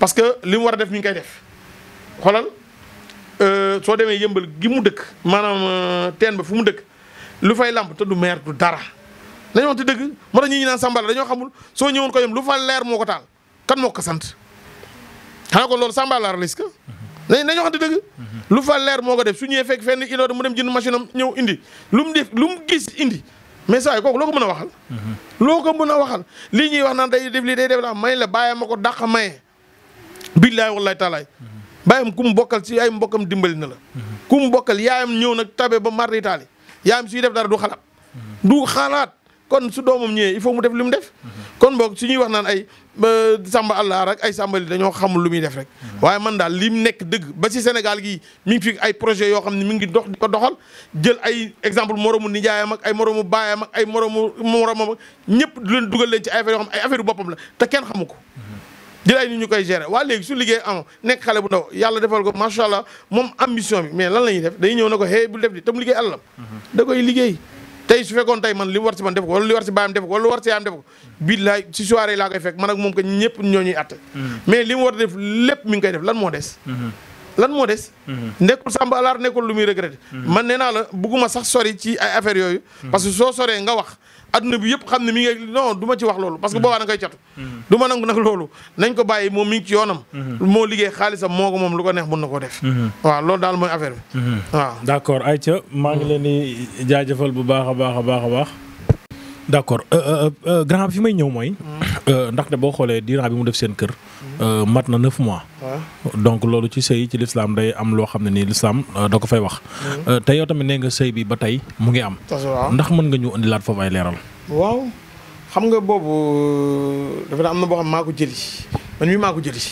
parce que li mu war a def mi ngi koy def xoolal euh, soo demee yëmbal gi mu dëkk maanaam euh, teen ba fu mu dëkk lu fay lamb te du meer du dara dañu wax te dëgg moo tax ñi ñu naan dañoo xamul soo ñëwoon ko yem lu fa leer moo ko taal kan moo ko sant xanaa kon loolu Sambala risque dañ dañoo xam te dëgg lu fa leer moo ko def su ñëwee fekk fenn indoor mu dem jënd machine am ñëw indi lu mu def lu mu gis indi mais saa yi kooku loo ko mën a waxal loo ko mën a waxal lii ñuy wax naan day def lii day def la may la bàyyam ma ko dàq maye billaay wallaay taalaay baayam ku mu bokkal si ay mbokkam dimbali na la ku mu bokkal yaayam ñëw nag tabe ba maritaali yaa yaayam suy def dara du xalaat du xalaat kon su doomam ñëwee il faut mu def li mu def kon boog su ñuy wax naan ay samba allah rek ay sambali dañoo xamul lu muy def rek waaye man daal li mu nekk dëgg ba si Sénégal gii mi fii ay projet yoo xam ne mi ngi dox ko doxal jël ay exemple moromu nijaayam ak ay moromu baayam ak ay moromu moromam ñëpp leen dugal leen ci ay affaire yoo ay affaire boppam la te kenn xamu ko di lay ni ñu koy gérer waa léegi su liggéey am nekk xale bu ndaw yàlla defal ko macha allah moom ambition bi mais lan la ñuy def dañuy ñëw na ko hey bul def di te liggéey alalam mhm. da koy liggéey tey su fekkoon tey man li war si man def ko li war si baayam def moom ko ñëpp ñoo ñuy mhm. mais li mu war def lépp mi ngi koy def lan moo des mhm. lan moo des nekkul sàmba alaar nekkul lu muy regretté man nee naa la bugguma sax sori ci ay affaires yooyu parce que soo soree nga wax adduna bi yëpp xam ne mi ngi non du ma ci wax loolu parce que boobaa da ngay catu du ma nangu nag loolu nañ ko bàyyi moom mi ci yoonam moo liggéey xaalisam moo ko moom lu ko neex mën na koo def waaw loolu daal mooy affaire bi waaw d'accord Aïcha maa ngi leen di jaajëfal bu baax a baax a baax a baax d' accord euh, euh, euh, grand bi fi may ñëw mooy. Mm. ndaxte boo xoolee diiraa bi mu def seen kër. Mm. mat na neuf mois. donc loolu ci sëy ci lislaam day am loo xam ne nii lislaam da ko fay wax. Mm. te yow tamit ne nga sëy bi ba tey mu ngi am. ndax mën nga ñëw indilaat foofu ay leeral. waaw xam nga boobu dafa na am na boo xam maa ko jëli man mii maa ko jëli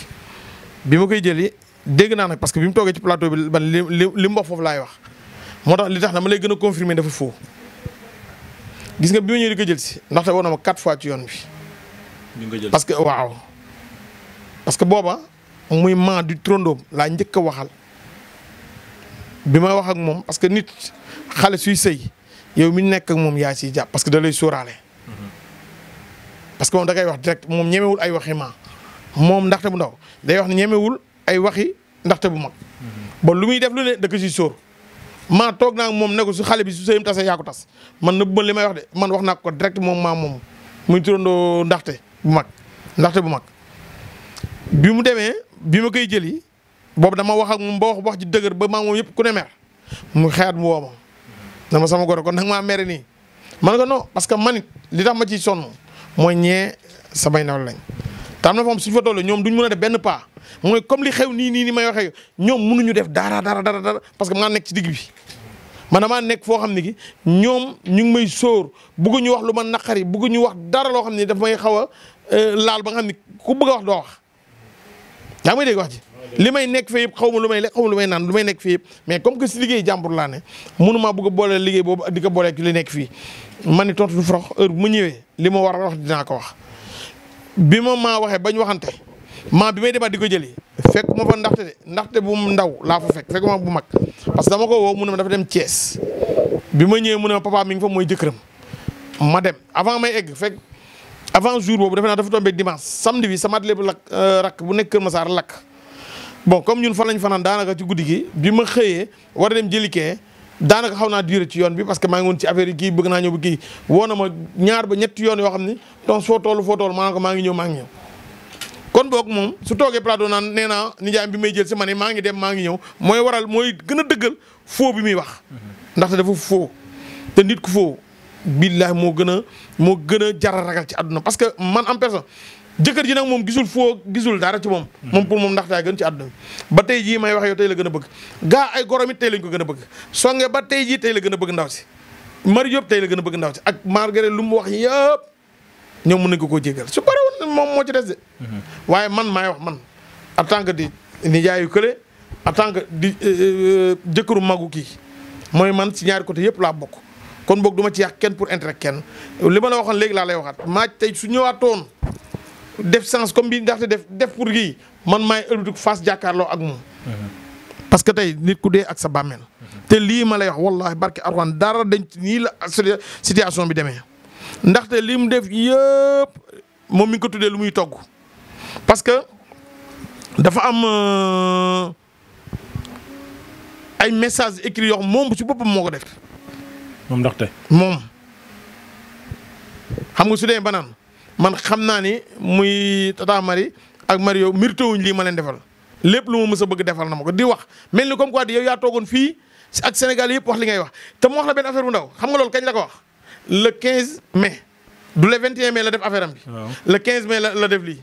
bi ma koy jëli dégg naa nag parce que bi mu toogee ci plateau bi man li li mu wax foofu laay wax moo tax li tax dama lay gën a confirmer dafa faux. gis nga bi ma ñëwee di jël si ndaxte woon na ma quatre fois ci yoon bi. ñu ko jël parce que waaw. parce que booba muy maa di trondoom laa njëkk a waxal bi may wax ak moom parce que nit xale suy sëy yow mi nekk moom yaa ciy jàpp parce que da lay sóoraale. Mm-hmm. parce que moom da ngay wax direct moom ñemewul ay waxi maa moom ndaxte bu ndaw day wax ne ñemewul ay waxi ndaxte bu mag. Mm-hmm. bon lu muy def lu ne da ko siy sóor. maa toog naa moom ne ko su xale bi su sëyam tase yaa ko tas man nëbb ma li may wax de man wax naa ko direct moom maa moom muy turandoo ndaxte bu mag ndaxte bu mag bi mu demee bi ma koy jëli boobu dama wax ak moom ba wax wax ji dëgër ba maa moom yëpp ku ne mer mu xeyaat mu woo ma dama sama goro kon nag maa mere nii man ko no parce que man it li tax ma ciy sonn mooy ñee samay naw lañ te am na foofu suñ fa toll ñoom duñ mën a def benn pas mooy comme li xew nii nii ni may waxee ñoom mënuñu def daara dara dara dara parce que maa nekk ci digg bi man damaa nekk foo xam ne ki ñoom ñu ngi may sóor bëgg ñu wax lu ma naqari bëgg ñu wax dara loo xam ne daf may xaw a euh, laal ba nga xam ne ku bëgg wax doo wax yaa ngi may dégg wax ji li may nekk fii yëpp xaw ma lu ma lu fii yëpp mais comme que si liggéey jàmbur laa ne mënumaa bëgg a boole liggéey boobu di ko booleeg li nekk fii man ni tontu du bu ma ñëwee li ma war a wax dinaa ko wax bi ma maa waxee bañ waxante maa bi may débat di ko jëli fekk ma fa ndaxte de ndaxte bu mu ndaw laa fa fekk fekk ma bu mag parce que dama ko woo mu ne ma dafa dem Thiès bi ma ñëwee mun na ma papa mi ngi fa mooy jëkkëram ma dem avant may egg fekk avant jour boobu defe naa dafa tombé dimanche samedi bi sama atelier bu lakk euh, bu nekk Kër Massar lakk bon comme ñun fan lañ fanaan daanaka ci guddi gi bi ma xëyee war a dem jëli kee daanaka xaw naa duré ci yoon bi parce que maa ngi woon ci affaire yi kii bëgg naa ñëw ba kii woo na ma ñaar ba ñett yoon yoo xam ne donc foo toolu foo toll maa ko maa ngi ñëw maa ngi kon boog moom su toogee plateau naan nee naa nijaayam bi may jël si ma ne maa ngi dem maa ngi ñëw mooy waral mooy gën a dëggal foo bi muy wax ndaxte dafa foo te nit ku foo billahi moo gën a moo gën a jaral a ragal ci àdduna parce que man en personne jëkkër ji nag moom gisul foo gisul dara ci moom. moom pour moom ndax daa gën ci àdduna ba tey jii may wax yow tey la gën a bëgg gaa ay gorom tey lañ ko gën a bëgg songe ba tey jii tey la gën a bëgg ndaw si mari yëpp tey la gën a bëgg ndaw si ak malgré lu mu wax yëpp ñoom mën nañ ko koo jéggal moom moo ci des mhm. waaye man maay wax man en tant que di nijaayu kële en tant que di euh, euh, jëkkëru magu kii mooy man si ñaari yëpp laa bokk. kon boog du ma ci yàq kenn pour intérêt kenn li ma la waxoon léegi laa lay waxaat maa tey su ñëwaatoon def sens comme bi ndaxte def def pour gi man maay ëlbatiku face jàkkaarloo ak moom. parce que tey nit ku dee ak sa bàmmeel. te lii ma lay wax wallahi barke Alxuraan dara dañ nii la situation bi demee. ndaxte lii mu def yëpp moom mi ngi ko tuddee lu muy togg parce que dafa am euh, ay message écrit yoo moom bu ci boppam moo ko def. moom ndaxte. moom xam nga su dee banaan man xam naa ni muy tata mari ak Mario mérité wuñ lii ma leen defal lépp lu mu mës a bëgg defal na ma ko di wax mel ni comme quoi di yow yaa toogoon fii ak Sénégal yëpp wax li ngay wax te mu wax la benn affaire bu ndaw xam nga loolu kañ la ko wax le quinze mai du le 21 mai la def affaire am bi. le quinze mai la la def lii.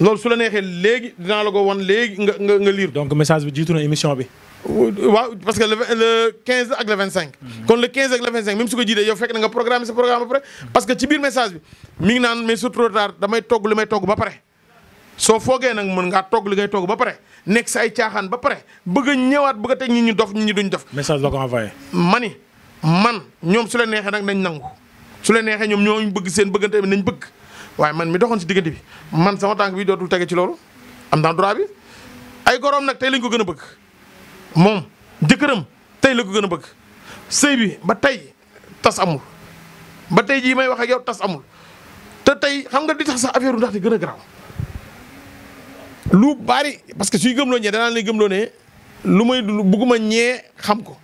loolu su la neexee léegi dinaa la ko wan léegi nga nga nga lire. donc message bi jiitu na émission bi. waaw parce que le le 15 ak le 25. Mhm. kon le 15 ak le 25 même su ko jiitee yow fekk na nga programme sa programme ba pare. Mhm. parce que ci biir message bi mi ngi naan mais c'est trop tard damay togg li may togg ba pare. soo foogee nag mën ngaa togg li ngay togg ba pare nekk sa ay caaxaan ba pare bëgg ñëwaat bëgg a teg nit ñi dof nit ñi duñ dof. message la ko envoyé. mani man ñoom su leen neexee nag nañ nangu su la neexee ñoom ñooñu bëgg seen bëggante bi nañ bëgg waaye man mi doxoon si diggante bi man sama tànk bi dootul tege ci loolu am naa droit bi ay goroom nag lañ ko gën a bëgg. moom jëkkëram tey la ko gën a bëgg sëy bi ba tey tas amul ba tey jii may wax ak yow tas amul te tey xam nga di tax sax affaire ndax di gën a garaaw lu bari parce que suy gëmloo ñee danaa gëm loo ne lu may bugguma ñee xam ko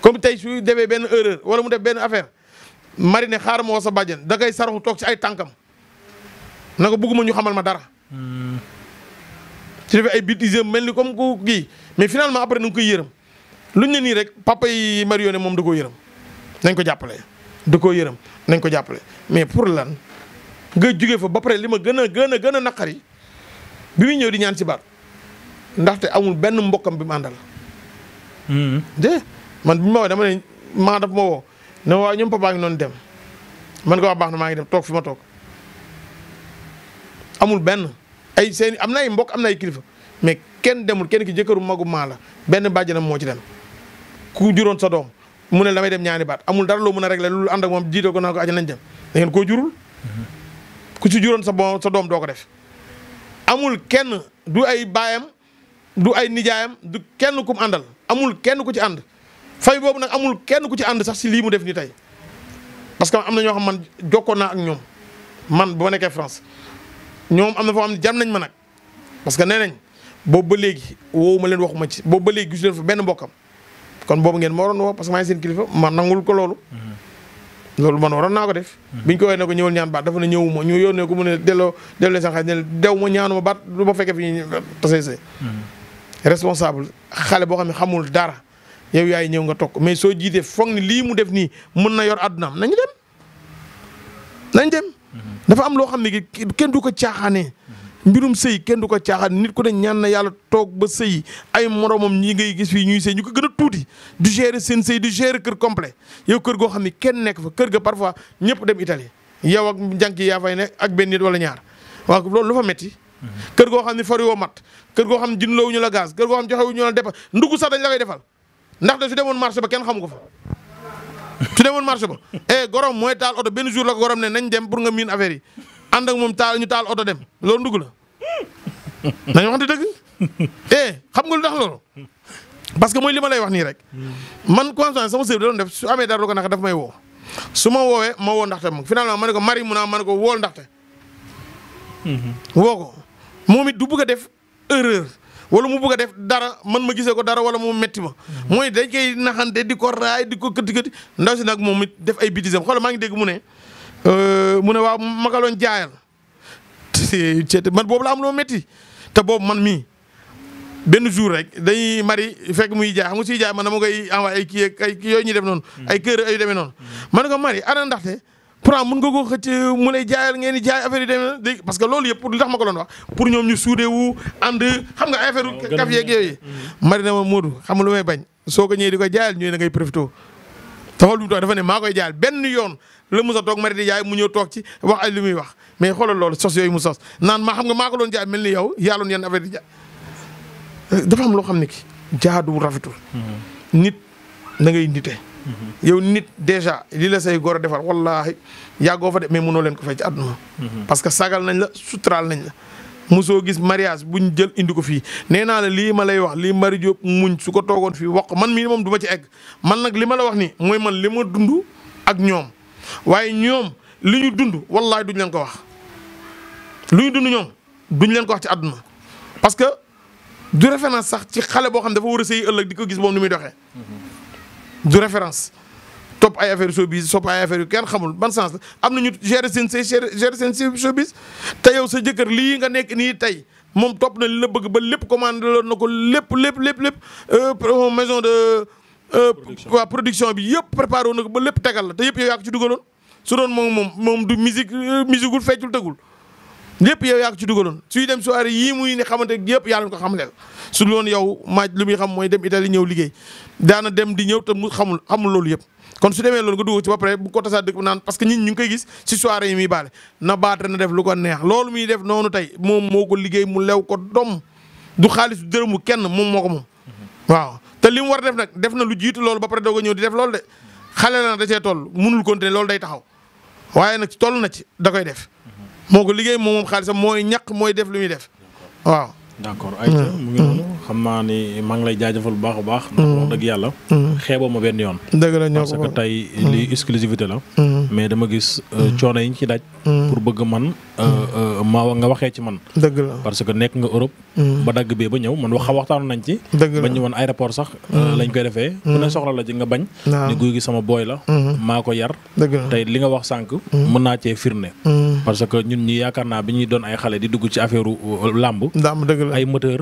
comme tey suy defee benn erreur wala mu def benn affaire mari ne xaaral moo sa bàjjen da ngay saraxu toog ci ay tànkam na ko bugguma ñu xamal ma dara hmm. ci defee ay bêtises mel ni comme ku kii mais finalement après nañ koy yërëm luñ ne nii rek papa yi marione moom da koo yërëm nañ ko jàppale. da koo yërëm nañ ko jàppale mais pour lan nga jugee fa ba pare li ma gën a gën a gën a naqari bi muy ñëw di ñaan si bar ndaxte amul benn mbokkam bi mu àndal. Hmm. de man bi ma woo dama ne maa daf ma woo ne waaw ñoom papa ngi noonu dem man ko wax baax na maa ngi dem toog fi ma toog amul benn. ay seen am na ay mbokk am na ay mais kenn demul kenn ki jëkkëru magu maa la benn bàjjanam moo ci dem ku juróon sa doom mu ne damay dem ñaani baat amul dara loo mën a régler lu ànd ak moom jiite ko naa ko dem ngeen koo jurul ci juróon sa bon sa doom doo ko def amul kenn du ay baayam du ay nijaayam du kenn ku àndal amul kenn ku ci ànd fay boobu nag amul kenn ku ci ànd sax si lii mu def nii tey parce que am na ñoo xam man jokkoon naa ak ñoom man boo nekkee France ñoom am na foo xam ne jam nañ ma nag parce que nee nañ boobu ba léegi woowu ma leen waxuma ci boobu ba léegi gisu fa benn mbokkam kon boobu ngeen ma waroon woo parce que seen kilifa ma nangul ko loolu. Mm-hmm. loolu man waroon naa ko def. Mm-hmm. biñ ko woowee ne ko ñëwal ñaan baat dafa ne ñëwuma ñu yónnee ko mu ne delloo delloo leen seen xaalis ne dew ma ñaanuma baat lu ma fekkee fi ñuy tasee mm-hmm. responsable xale boo xam ne xamul dara yow yaay ñëw nga toog mais soo jiitee foog ni lii mu def nii mën na yor àddunaam nañu dem nañ dem. dafa am loo xam ne kenn du ko caaxaanee. mbirum sëy kenn du ko caaxaan nit ko ne ñaan na yàlla toog ba sëy ay moromam ñi ngay gis fii ñuy sëy ñu ko gën a tuuti du gérer seen sëy du gérer kër complet yow kër goo xam ne kenn nekk fa kër ga parfois ñëpp dem Italie yow ak jànk yaa fay ak benn nit ñaar waaw loolu lu fa metti goo xam ne fariwoo mat kër goo xam ne jëndloo la gaz kër goo xam ne joxewuñu la dépense ndugg sax dañ la koy ndax da su demoon marché ba kenn xamu ko fa su demoon marché ba eh gorom mooy taal oto benn jour la ko gorom ne nañ dem pour nga miin affaire yi ak moom taal ñu taal oto dem loolu ndugg la nañ waxante dëgg eh xam nga lu tax loolu parce que mooy li ma lay wax nii rek man constant sama sëriñ da doon def su amee dara lu ko naka daf may woo su ma woowee ma woo ndaxte moom finalement ma ne ko mari mu a ma ko wool ndaxte mhm. woo ko moom it du bëgg a def erreur wala mu bëgg def dara man ma gisee ko dara wala mu metti ma mooy dañ koy naxante di ko raay di ko këti ndaw si nag moom it def ay bêtisam xoolal maa ngi dégg mu ne euh, mu ne waaw ma ka jaayal te man boobu la am loo métti te boobu man mii benn jour rek dañuy mari fekk muy jaay xam nga suy jaay man dama koy envoyé ay kii ay kii yooyu ñuy def noonu ay kër ay demee noonu mm. man ko mari ana ndaxte pourtant mun nga ko xëcc mu lay jaayal ngeen di jaay affaire yi demee parce que loolu yëpp pour li tax ma ko doon wax pour ñoom ñu suudee wu ànd xam nga affaire ma Modou soo ko ñëwee di ko jaayal ñooy da ngay profité te xool bi mu dafa ne maa koy jaayal benn yoon la Moussa toog mari di jaay mu ñëw toog ci wax ay li muy wax mais xoolal lool sos yooyu mu sos naan maa xam nga maa ko doon jaay mel ni yow yàlloon yenn affaire di jaay dafa am loo xam ne ki jaaduwul rafetul hmm. nit na ngay nite yow nit déjà li la say goro defal wallaahi yàggoo fa de mais mënoo leen ko fay ci àdduna. Mhm. parce que sagal nañ la suturaal nañ la. musoo gis mariage ñu jël indi ko fii nee naa la lii ma lay wax lii Marie Diop muñ su ko toogoon fii wax man mii moom du ci egg man nag li ma la wax nii mooy man li ma dund ak ñoom waaye ñoom li ñu dund wallaahi duñ leen ko wax. lu ñu dund ñoom duñ leen ko wax ci àdduna parce que du référence sax ci xale boo xam dafa war a ëllëg di ko gis moom ni muy doxee. Mhm. du référence topp ay affaire showbiz topp ay affaire yu kenn xamul ban sens am na ñu gérer seen say gérer seen say showbiz te yow sa jëkkër lii nga nekk nii tey moom topp na li la bëgg ba lépp commandé loon na ko lépp lépp lépp lépp euh, maison de. Euh, production waa production bi yëpp préparé woon na ko ba lépp tegal la te yëpp yow yaa ko ci dugaloon su doon moom moom moom du musique euh, musique wul feccul tegul. lépp yow yaa ko ci dugaloon suy dem soirée yii muy ne xamante yëpp yaa leen ko xamleel su loolu yow maaj lu muy xam mooy dem Italie ñëw liggéey daana dem di ñëw te mu xamul xamul loolu yëpp kon su demee loolu nga dugg ci ba pare ko tasaat dëkk naan parce que ñit ñu ngi koy gis ci soirée yi muy baale na baatre na def muy def noonu tey moom moo ko liggéey mu lew ko dom du xaalis dërëmu kenn moom moo ko moom waaw te li mu war a def nag def na lu jiitu loolu ba pare doog ñëw di def loolu de xale la na da cee toll mënul continuer loolu day taxaw waaye nag toll na ci da koy def moo ko liggéey moom moom xaalisam mooy ñàkk mooy def lu muy def waaw. d'accord ay mu ngi noonu xam naa ni maa ngi lay jaajëfal bu baax a baax. ndax wax mm-hmm. dëgg yàlla. Mm-hmm. xeeboo ma benn yoon. dëgg la ñoo ko parce que tey mm-hmm. lii exclusivité la. mais dama gis euh, coono yi ñu ci daj. pour bëgg man euh, euh, nga waxee ci man. la parce que nekk nga Europe. ba dagg bee ba ñëw man wax waxtaanu nañ ci. la ba ñu woon aéroport sax. lañ koy defee. ku ne soxla la ci nga bañ. ni guy gi sama booy la. maa ko yar. tey li nga wax sànq. mën naa cee firnde. parce que ñun ñi yaakaar naa bi ñuy doon ay xale di dugg ci affaire làmb. ay moteur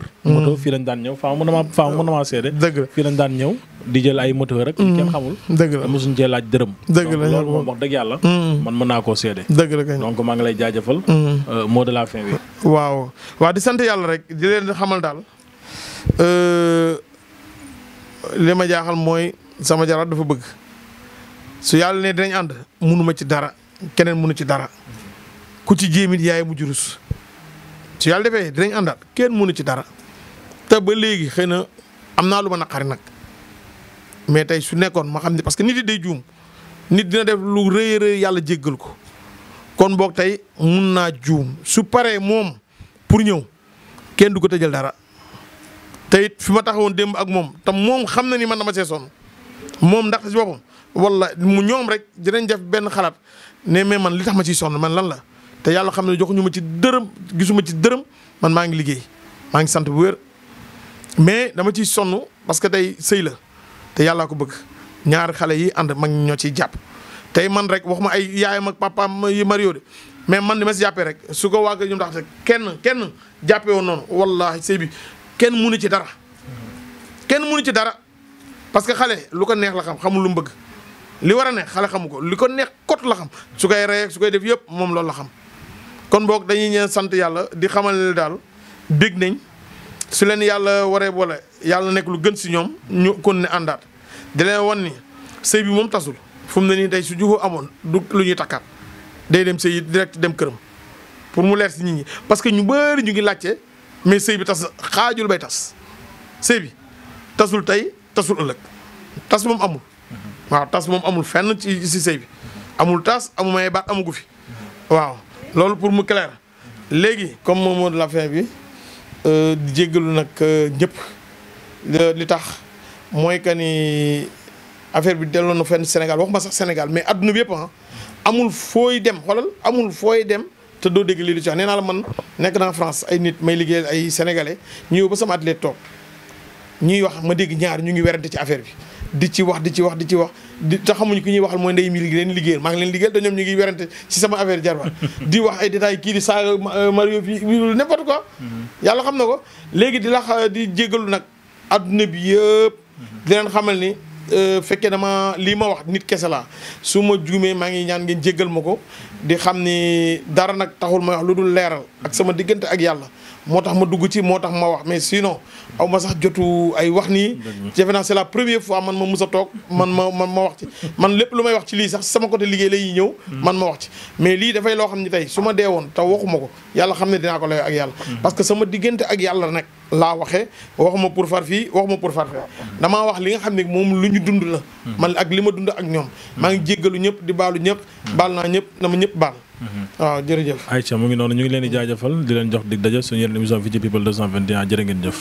daan ñëw faaw mën na maa faaw na maa seede dëgg la fii lañ daan ñëw di jël ay moto rek kenn mm. xamul dëgg la mosuñ cee laaj dërëm dëgg la loolu moom wax dëgg yàlla mm. man mën naa koo seede dëgg la kañ donc maa ngi lay jaajëfal mm. euh, mot di sant yàlla rek di euh, li ma jaaxal mooy sama jaraat dafa bëgg su yàlla ne dinañ ànd munuma ci dara keneen munu ci dara ku ci jéemit yaay mu jurus su yàlla defee dinañ àndaat kenn munu ci dara te ba léegi xëy na am naa lu ma naqari nag mais tey su nekkoon ma xam ne parce que nit yi de juum nit dina def lu rëy rëy yàlla jéggal ko kon boog tey mun naa juum su paree moom pour ñëw kenn du ko tëjal dara te it fi ma woon démb ak moom te moom xam na ni man dama see sonn moom ndax si boppam wala mu ñoom rek dinañ def benn xalaat ne mais man li tax ma ciy sonn man lan la te yàlla xam ne joxuñu ma ci dërëm gisuma ci dërëm man maa ngi liggéey mais dama ciy sonn parce que tey sëy la te yàllaa ko bëgg ñaari xale yi ànd mag ñoo ciy jàpp tey man rek wax ma ay yaayam ak papaam yi Mario de mais man li ma si jàppee rek su ko waa ñu ndax rek kenn kenn jàppee woon noonu wallaahi sëy bi kenn munu ci dara. kenn munu ci dara parce que xale lu ko neex la xam xamul lu li war a neex xale xamu ko li ko neex kot la xam su koy reyee su koy def yëpp moom loolu la xam kon boog dañuy ñeen sant yàlla di xamal ne daal dégg nañ. su leen yàlla waree boole yàlla nekk lu gën si ñoom ñu kon ne àndaat di leen wan ni sëy bi moom tasul fu mu ne nii tey su juxoo amoon du lu ñuy takkaat day dem sëy direct dem këram pour mu leer si nit ñi parce que ñu bëri ñu ngi laajte mais sëy bi tas xaajul bay tas sëy bi tasul tey tasul ëllëg tas moom amul waaw tas moom amul fenn ci si sëy bi amul tas amul may baat amugu fi waaw loolu pour mu clair léegi comme moom moo de la fin bi Euh, di jéggalu nag euh, ñëpp euh, li tax mooy que ni affaire bi delloo na fenn Sénégal waxuma sax Sénégal mais àdduna bi yëpp ah amul fooy dem xoolal amul fooy dem te doo dégg lii lu ci wax nee naa la man nekk naa France ay nit may liggéey ay sénégalais ñëw ba sama athlète toog ñuy wax ma dégg ñaar ñu ngi werante ci affaire bi. di ci wax di ci wax di ci wax di te xamuñ ku ñuy waxal mooy ndey mi li leen liggéeyal maa ngi leen liggéeyal te ngi werante ci sama affaire jarba di wax ay détails kii di saaga euh, Mario fi n'importe quoi mm-hmm. yàlla xam na ko léegi di la euh, di jégalu nag adduna bi yëpp mm-hmm. di leen xamal ni euh, fekkee dama lii ma wax nit kese laa su ma juumee maa ngi ñaan ngeen jéggal ma ko di xam ni dara nag taxul ma wax lu dul leeral ak sama diggante ak yàlla moo tax ma dugg ci moo tax ma wax mais sinon aw ma sax jotu ay wax nii. defe naa c'est la première fois man ma mus a toog man ma man ma wax ci. man lépp lu may wax ci lii sax sama côté liggéey lay ñëw. Hmm. man ma wax ci mais lii dafay loo xam ne tey su ma dee woon te waxuma ko yàlla xam ne dinaa ko lay ak yàlla. Hmm. parce que sama diggante ak yàlla nag laa waxee waxuma pour far fii waxuma pour far fii damaa wax li nga xam ne moom lu ñu dund la. Hmm. man ak li ma dund ak ñoom. maa ngi jéggalu ñëpp di baalu ñëpp. baal naa ñëpp dama ñëpp baal. waaw mm-hmm. ah, jërëjëf. Aïcha mu ngi noonu ñu ngi leen di jaajëfal di leen jox di daje suñu yeneen émission fii ci people 221 jërë ngeen jëf.